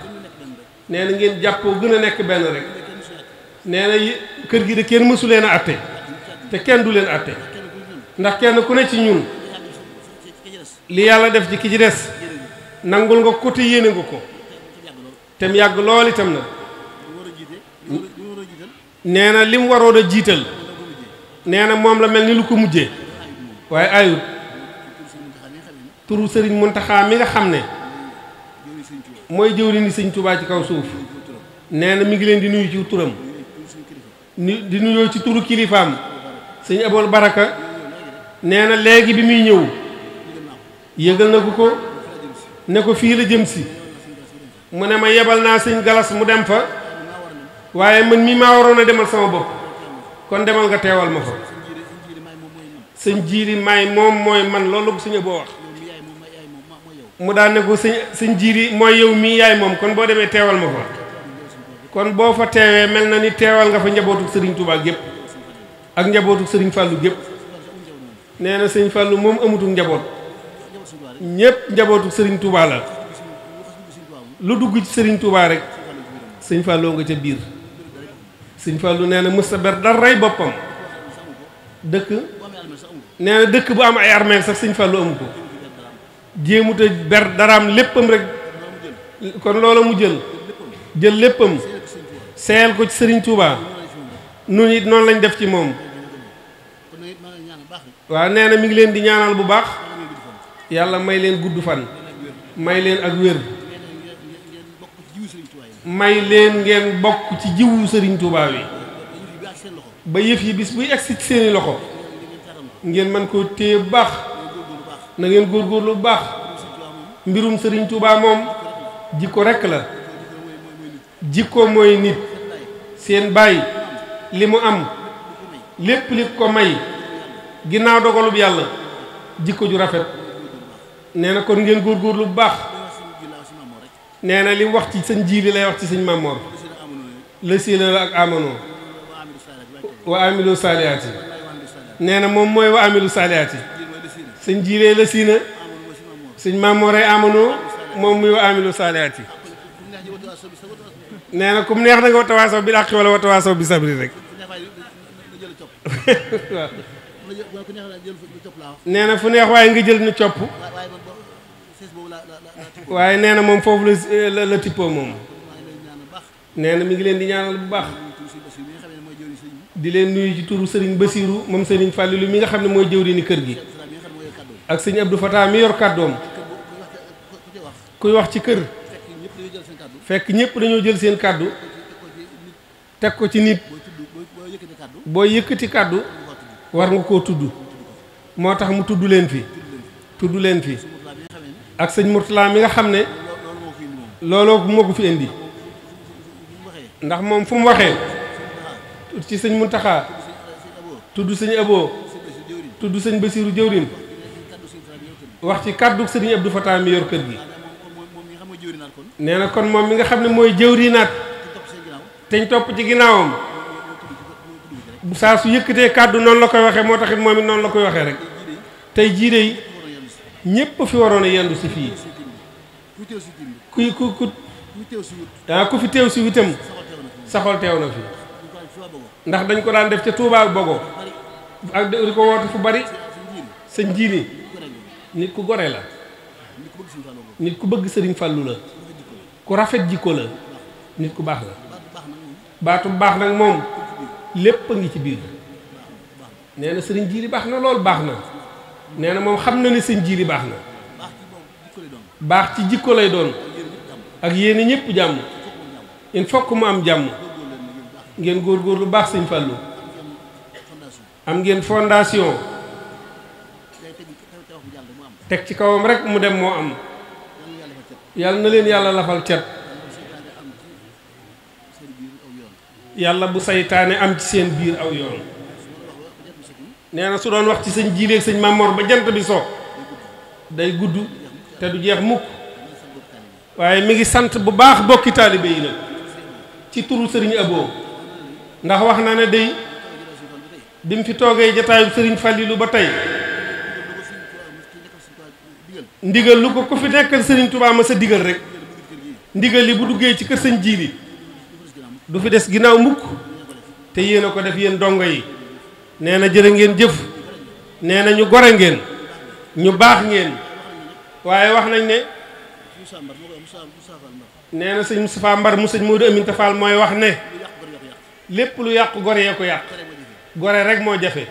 nee na ngeen jàppoo gën a nekk benn rek nee na kër gi de kenn mësu leen a atte te kenn du leen atte ndax kenn ku ne ci ñun li yàlla def ci ki ci des nangul nga ko te yéene nga ko te mu yàgg lool itam na nee na lim waroon a jiital nee na moom la mel ni lu ko mujje waaye ayut turu sëriñ Muntaxa mi nga xam ne mooy jëwriñu sëñ tubaa ci kaw suuf nee na mi ngi leen di nuyu ci turam ni di nuyoo ci turu kilifaam sëñ Abol Baraka nee na léegi bi muy ñëw yëgal na ko ko ne ko fii la jëm si mu ne ma yebal naa sëñ galas mu dem fa waaye man mi maa waroon a demal sama bopp kon demal nga teewal ma fa sëñ jiiri may moom mooy man loolu sëñ Aboo wax mu daan ne ko sëñ sëñ jiiri mooy yow mii yaay moom kon boo demee teewal ma fa kon boo fa teewee mel na ni teewal nga fa njabootu sëriñ Touba gépp ak njabootu sëriñ fàllu gépp nee sëñ Fallou moom amatul njaboot ñépp njabootu sëriñ Touba la lu dugg ci sëriñ Touba rek sëñ Fallou nga ca biir sëñ Fallou nee na mësta ber daray boppam dëkk nee na dëkk bu am ay armeel sax sëñ Fallou amu ko jéemuta ber daraam léppam rek kon loola mu jël jël léppam seel ko ci sëriñ Touba nun it noonu lañ def ci moom waaw nee na mi ngi leen di ñaanal bu baax yàlla may leen gudd fan may leen ak wér may leen ngeen bokk ci jiwu sëriñ Touba wi ba yëf yi bis buy egsi ci seeni loxo ngeen mën koo téye bu baax na ngeen góor lu baax mbirum sëriñ Touba moom jikko rekk la jikko mooy nit seen bàyyi li mu am lépp li ko may ginnaaw dogalub yàlla jikko ju rafet nee na kon ngeen góor góor lu baax nee na li mu wax ci sëñ jiili lay wax ci sëñ Mamor la la ak amano wa amilu saaliyaati nee na moom mooy wa amilu saaliyaati sëñ jiilee la siina sëñ maamoore amano moom muy wa amilu saalihaat yi nee na kum neex na nga wa tawaasaw bil aqi wala wa tawaasaw bi sabri rek waaw nee na fu neex waaye nga jël nu copp waaye nee na moom foofu la la tippoo moom nee na mi ngi leen di ñaanal bu baax di leen nuyu ci turu Serigne Basirou moom Serigne Fallilou mi nga xam ne mooy jëwriñu kër gi ak sëñ du Fatah mi yor kàddoom kuy wax ci kër fekk ñëpp dañoo jël seen kàddu teg ko ci nit booy yëkkati kàddu war nga koo tudd moo tax mu tudd leen fi tudd leen fi ak sëñ Mourtala mi nga xam ne looloo moo ko fi indi ndax moom fu mu waxee ci sëñ Muntaxa tudd sëñ Abo tudd sëñ Basiiru jëwrin wax ci kàddu sëriñ Abdou Fatah mi yor kër gi nee na kon moom mi nga xam ne mooy naat jëwriñaat teñ topp ci ginnaawam saa su yëkkatee kàddu noonu la koy waxe moo taxit moom it noonu la koy waxe rek tey jii de ñépp fi waroon a yendu si fii ku ku ku ah ku fi teew si witam saxol teew na fi ndax dañ ko daan def ca Touba Bogo ak di ko woote fu bari sa njiini nit ku gore la nit ku bëgg sëriñ fallu la ku rafet jikko la nit ku baax la baatu baax nag moom lépp a ngi ci biir nee na sëriñ jiili baax na lool baax na nee na moom xam na ne sëriñ jiili baax na baax ci jikko lay doon ak yéene ñëpp jàmm il faut que mu am jàmm ngeen góor góor lu baax sëriñ fàllu am ngeen fondation teg ci kawam rek mu dem moo am yàlla na leen yàlla lafal cet yàlla bu seytaane am ci seen biir aw yoon nee na su doon wax ci sëñ jiileeg sëñ mamoor ba jant bi soo day gudd te du jeex mukk waaye mi ngi sant bu baax bokki taalibe yi nag ci turu sëriñ Abo ndax wax naa ne day bi mu fi toogee jataayu sëriñ Fallilou ba tey ndigal lu ko ko fi nekkal sëriñ Touba ma sa digal rek ndigal li bu duggee ci kër sëñ jiili du fi des ginnaaw mbukk te yéen a ko def yéen dongo yi nee na jërë ngeen jëf nee na ñu gore ngeen ñu baax ngeen waaye wax nañ ne nee na sëñ Moustapha Mbar mu sëñ Modou Aminta Fall mooy wax ne lépp lu yàqu gore yee ko yàq gore rek moo jafe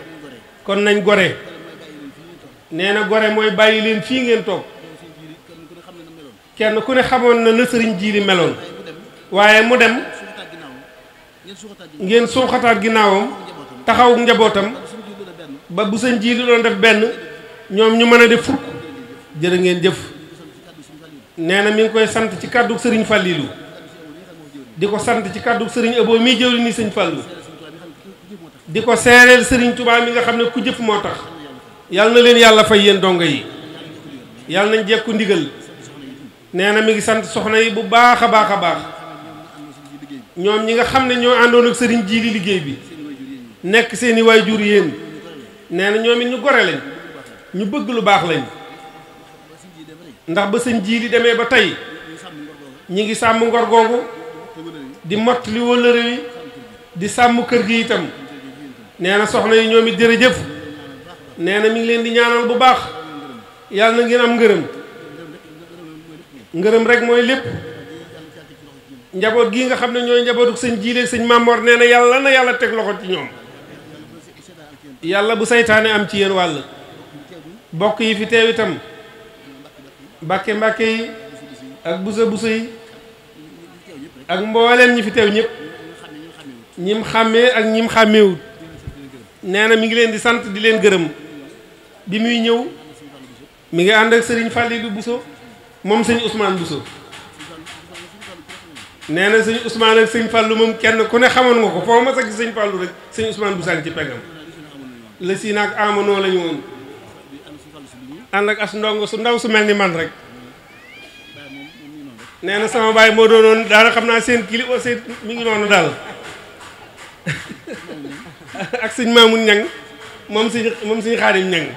kon nañ gore nee na gore mooy bàyyi leen fii ngeen toog kenn ku ne xamoon na na sëriñ jiili meloon waaye mu dem ngeen suuxataat ginnaawam taxaw njabootam ba bu sëñ jiili doon def benn ñoom ñu mën a def fukk jërë ngeen jëf nee na mi ngi koy sant ci kàddu sëriñ Fallilou di ko sant ci kàddu sëriñ Abo mii jëwli ni sëñ Fallou di ko seereel sëriñ tubaab mi nga xam ne ku jëf moo tax yal na leen yàlla fay yéen dongo yi yal nañ jekku ndigal nee na mi ngi sant soxna yi bu baax a baax a baax ñoom ñi nga xam ne ñoo àndoon ak sëriñ ji li liggéey bi nekk seeni waajur yéen nee na ñoom it ñu gore lañ ñu bëgg lu baax lañ ndax ba sëñ ji li demee ba tey ñi ngi sàmm ngor googu di mott li wëllëre yi di sàmm kër gi itam nee na soxna yi ñoom it jërëjëf nee na mi ngi leen di ñaanal bu baax yàlla na ngeen am ngërëm ngërëm rek mooy lépp njaboot gii nga xam ne ñooy njabootu sëñ jiile sëñ Mamor nee na yàlla na yàlla teg loxo ci ñoom yàlla bu saytaane am ci yéen wàll bokk yi fi teew itam mbàkke mbàkke yi ak busa busa yi ak mbooleem ñi fi teew ñëpp ñim xàmmee ak ñim xàmmeewut nee na mi ngi leen di sant di leen gërëm bi muy ñëw mi ngi ànd ak sëriñ Fallilou Bousso moom sëñ Ousmane Bousso nee na sëñ usmaan ak sëñ Fallou moom kenn ku ne xamoon nga ko foo ma sa gis sëñ Fallou rek sëñ Ousmane Bousso ci pegam la si naag amonoo la ñu woon ànd ak as ndongo su ndaw su mel ni man rek nee na sama baay moo doonoon daana xam naa seen kilifa seen mi ngi noonu daal ak sëñ Mamoun Ñang moom sëñ moom sëñ Xaadim Ñang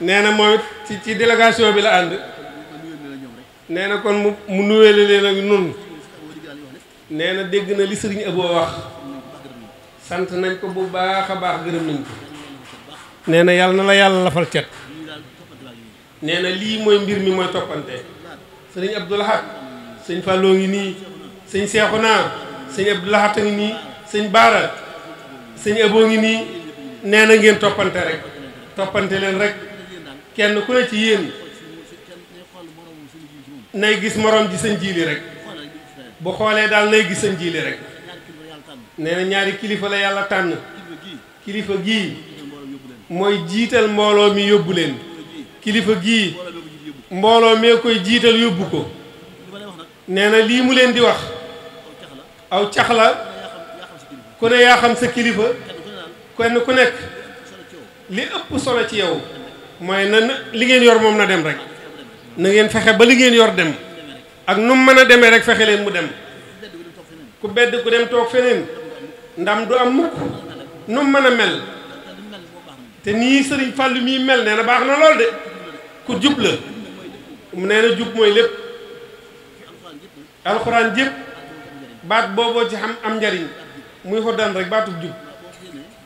nee na moom ci ci délégation bi la ànd nee na kon mu mu nuweele leen ak nun nee na dégg na li sëriñ Abo wax sant nañ ko bu baax a baax gërëm nañ ko nee na yàlla na la yàlla lafal cet nee na lii mooy mbir mi mooy toppante sëriñ Abdoulahat sëñ Falloo ngi nii sëñ Seexuna sëñ Abdoulahat ngi nii sëñ Baara sëñ Abo ngi nii nee na ngeen toppante rek toppante leen rek kenn ku ne ci yéen nay gis morom ji sëñ jiili rek bu xoolee daal nay gis sëñ jiili rek nee na ñaari kilifa la yàlla tànn kilifa gii mooy jiital mbooloo mi yóbbu leen kilifa gii mbooloo mee koy jiital yóbbu ko nee na lii mu leen di wax aw cax la ku ne yaa xam sa kilifa kenn ku nekk li ëpp solo ci yow mooy na li ngeen yor moom na dem rek na ngeen fexe ba li ngeen yor dem ak nu mu mën a demee rek fexe leen mu dem ku bedd ku dem toog feneen ndam du am mukk nu mu mën a mel te nii sëriñ Fàllu mii mel nee na baax na lool de ku jub la nee na jub mooy lépp alxuraan jëpp baat booboo ci xam am njariñ muy xoddaan rek baatub jub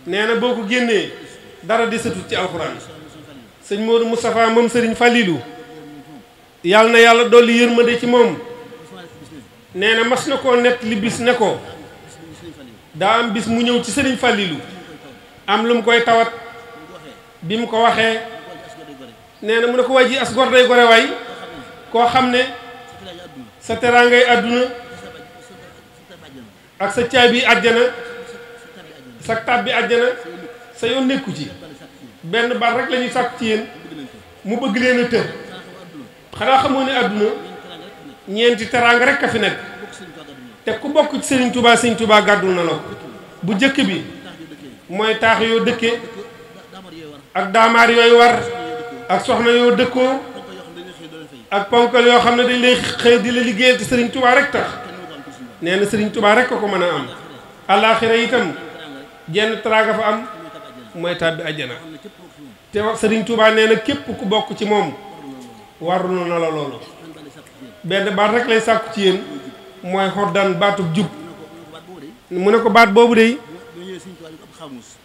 nee na boo ko génnee dara desatut ci alxuraan sëñ Modou Moustapha moom sëriñ Falilou yàlla na yàlla dolli yërmande ci moom nee na mas na koo nett li bis ne ko daa am bis mu ñëw ci sëriñ Falilou am lu mu koy tawat bi mu ko waxee nee mu ne ko waay ji as gor day gore waay koo xam ne sa teraangay àdduna ak sa caabi àjjana sa tàbbi àjjana sa yoon nekku ci benn baat rek lañuy ñuy ci yéen mu bëgg leen a tër xanaa xamoo ne àdduna ñeenti teraanga rek a fi te ku bokk ci Serigne Touba Serigne Touba gàddu na la bu jëkk bi mooy taax yoo dëkke ak daamaar yooyu war ak soxna yoo dëkkoo ak ponkal yoo xam ne dañ lay xëy di la liggéeyal te Serigne rek tax nee na Serigne rek ko ko mën a am. àllaaxira itam jenn teraanga fa am. mooy tàbbi àjjana te wax sëriñ Touba nee na képp ku bokk ci moom warlu na la loolu benn baat rek lay sàkku ci yéen mooy xordaan baatub jub mu ne ko baat boobu de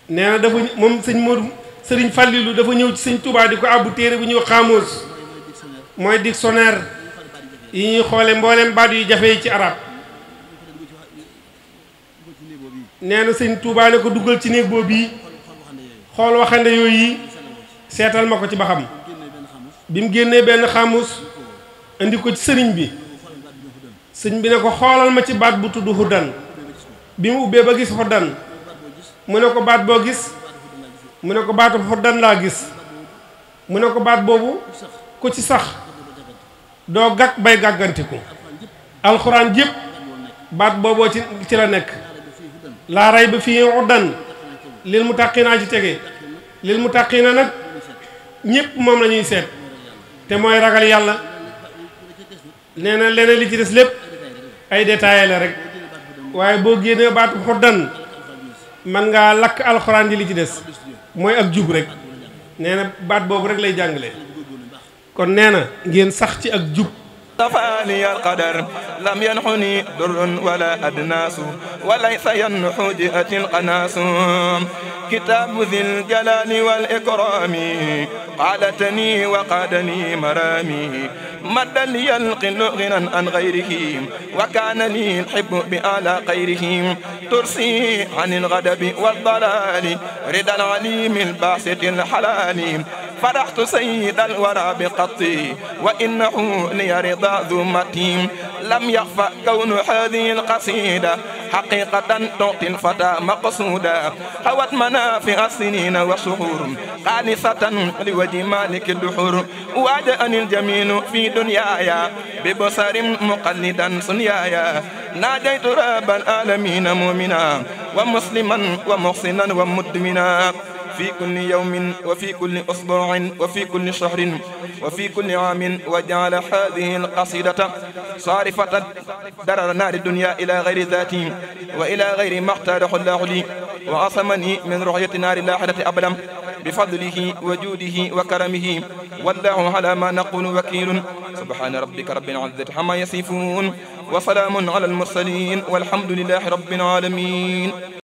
nee na dafa moom sëñ Modou sëriñ Fallilou dafa ñëw ci sëñ Touba di ko àbbu téere bu ñëw xaamuus mooy dictionnaire yi ñuy xoole mboolem baat yu jafe yi ci arab nee na sëñ Touba ne ko duggal ci néeg boobu yi xool waxande yooyu seetal ma ko ci ba xam bi mu génnee benn xamus indi ko ci sëriñ bi sëriñ bi ne ko xoolal ma ci baat bu tudd huddan bi mu ubbee ba gis huddan mu ne ko baat boo gis mu ne ko baatu huddan laa gis mu ne ko baat boobu ku ci sax doo gàkk bay gàggantiku alxuraan jépp baat booboo ci la nekk laa rey ba fii huddan lil mu taqinaa ci tege lil mu na nag ñëpp moom lañuy ñuy seet te mooy ragal yàlla nee na leneen li ci des lépp ay détails la rek waaye boo génnee baatu xoddan man ngaa lakk alxuraan ji li ci des mooy ak jub rek nee na baat boobu rek lay jàngale kon nee na ngeen sax ci ak jub طفاني القدر لم ينحني در ولا أدناس وليس ينح جئة القناس كتاب ذي الجلال والإكرام قالتني وقادني مرامي مد لي القل غنى عن غيره وكان لي الحب بأعلى خيره ترسي عن الغضب والضلال رضا العليم الباسط الحلال فرحت سيد الورى بقطي وإنه لي رضا ذمتي لم يخفى كون هذه القصيدة حقيقة تعطي الفتى مقصودا هوت منافع السنين والشهور قانسة لوجه مالك الدحور وجاءني الجميل في دنياي ببصر مقلدا صنيايا ناديت رب العالمين مؤمنا ومسلما ومحسنا ومدمنا fi kulli yawmin wa fi kulli usbu'in wa fi kulli shahrin wa fi kulli 'aamin wa ja'ala haadhihi al-qasiidata saarifatan darar naari dunya ila ghayri dhaati wa ila ghayri ma ikhtarahu Allahu li wa asamani min ru'yati naari al-aakhirati abadan بفضله وجوده وكرمه والله على ما نقول وكيل سبحان ربك رب العزة عما يصفون وسلام على المرسلين والحمد لله رب العالمين